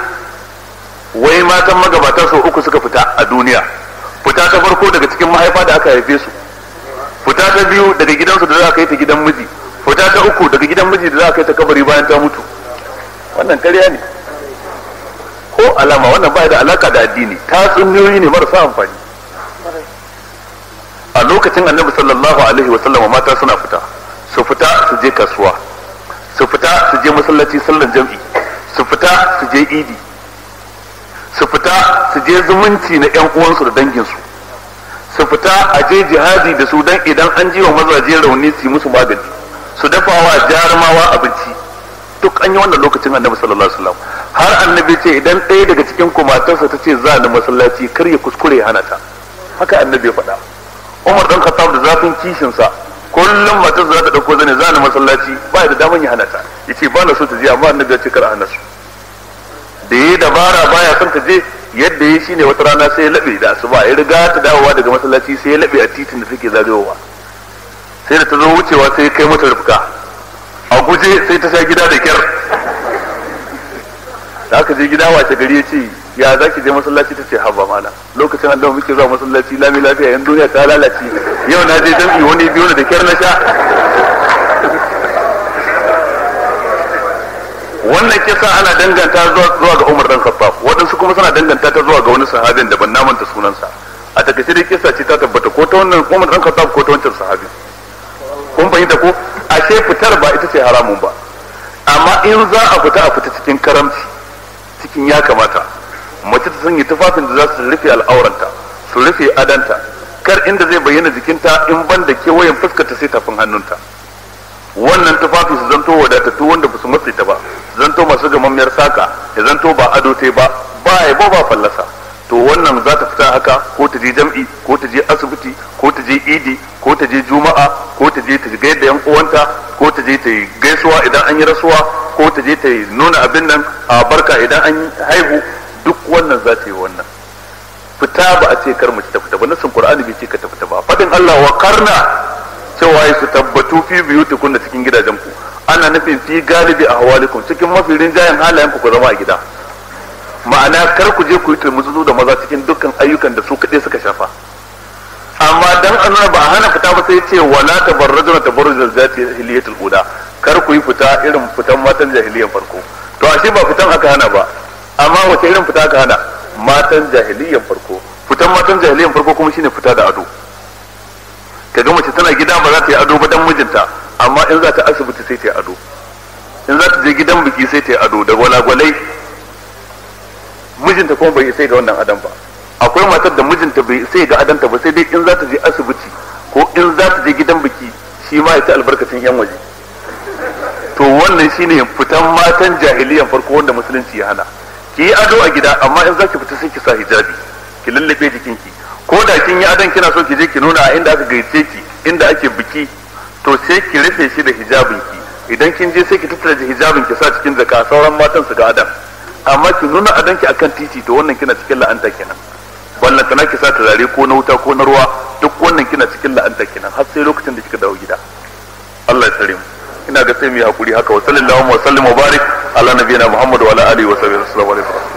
wai matan magabata su uku suka fita a duniya fita ta farko daga cikin mahaifa da aka haife su fita ta biyu daga gidansu da za a kai ta gidan miji fita ta uku daga gidan miji da za a kai ta kabari bayan ta mutu wannan karya ne ko alama wannan ba da alaka da addini ta tsunniyoyi ne marasa amfani a lokacin annabi sallallahu alaihi wa sallam mata suna fita su fita su je kasuwa su fita su je masallaci sallar jam'i su fita su je idi su fita su je zumunci na yan uwansu da danginsu su fita a je jihadi da su dan idan an ji wa mazaje rauni su musu magani su dafa wa jarumawa abinci duk an yi wannan lokacin annabi sallallahu alaihi wasallam har annabi ce idan ɗaya daga cikin ku ta ce za ni masallaci kar ya kuskure hana ta haka annabi ya faɗa Umar dan Khattab da zafin kishin sa kullum matar za ta dauko zane zane masallaci ba da daman ya hana ta yace ba na so ta je amma annabi ya ce kar a hana su da yi dabara baya son ta je yadda ya shine wata rana sai ya labe da asuba ya riga ta dawowa daga masallaci sai ya labe a titin da take zagayowa sai da ta zo wucewa sai ya kai mata rufka a guje sai ta sha gida da kyar da aka je gida wace gari ya ce ya za ki je masallaci ta ce haba mala lokacin allah muke zuwa masallaci lami lafiya yan duniya ta lalace yau na je jami'i wani biyo da kyar na sha wannan kisa ana danganta zuwa ga Umar dan Khattab waɗansu kuma suna danganta ta zuwa ga wani sahabin da ban namanta sunansa a takaice dai kisa ce ta tabbata ko ta wannan Umar dan Khattab ko ta wancan sahabin kun fahimta ko ashe fitar ba ita ce haramun ba amma in za a fita a fita cikin karamci cikin ya kamata mace ta sanya tufafin da za su rufe al'auranta su rufe adanta kar inda zai bayyana jikinta in ban da kewayen fuskarta sai tafin hannunta wannan tufafi su zanto wadatattu wanda ba su matsi ta ba zanto masu gamammiyar saka ya zanto ba ado ta ba ba ya ba ba fallasa to wannan za ta fita haka ko ta je jam'i ko ta je asibiti ko ta je idi ko ta je juma'a ko ta je ta gaida yan uwanta ko ta je ta gaisuwa idan an yi rasuwa ko ta je ta nuna abin nan a barka idan an haihu duk wannan za ta yi wannan fita ba a ce kar mu ta fita ba nasin qur'ani bai ce ka ta ba faɗin Allah wa na cewa ya su tabbatu fi ta kunna cikin gidajen ku ana nufin fi galibi a hawalikum cikin mafi rinjayen halayen ku ku zama a gida ma'ana kar ku je ku yi turmuzu da maza cikin dukkan ayyukan da su kaɗai suka shafa amma dan annabi ba hana fita ba sai ce wala tabarrajuna tabarrujal zati hiliyatul ula kar ku yi fita irin fitan matan jahiliyan farko to ashe ba fitan aka hana ba amma wace irin fita ka hana matan jahiliyan farko fitan matan jahiliyan farko kuma shine fita da ado ka ga mace tana gida ba za ta yi ado ba dan mijinta amma in za ta asibiti sai ta yi ado in za ta je gidan biki sai ta yi ado da gwalagwalai mijinta kuma bai sai ga wannan adam ba akwai matar da mijinta bai sai ga adanta ba sai dai in za ta je asibiti ko in za ta je gidan biki shi ma ya ta albarkacin yan waje to wannan shine fitan matan jahiliyan farko wanda musulunci ya hana ki yi ado a gida amma in za ki fita sai ki sa hijabi ki lallabe jikinki ko da kin yi adon kina so ki je ki nuna a inda aka gaice ki inda ake biki to sai ki rufe shi da hijabin ki idan kin je sai ki tattara hijabin ki sa cikin jaka sauran matan su ga adam amma ki nuna adon ki akan titi to wannan kina cikin la'anta kenan ballan kana ki sa turare ko na wuta ko na ruwa duk wannan kina cikin la'anta kenan har sai lokacin da kika dawo gida Allah ya tsare mu ina ga sai mu yi hakuri haka wa sallallahu wa sallam mubarak ala nabiyina muhammad wa ala alihi wa sahbihi sallallahu alaihi sallam.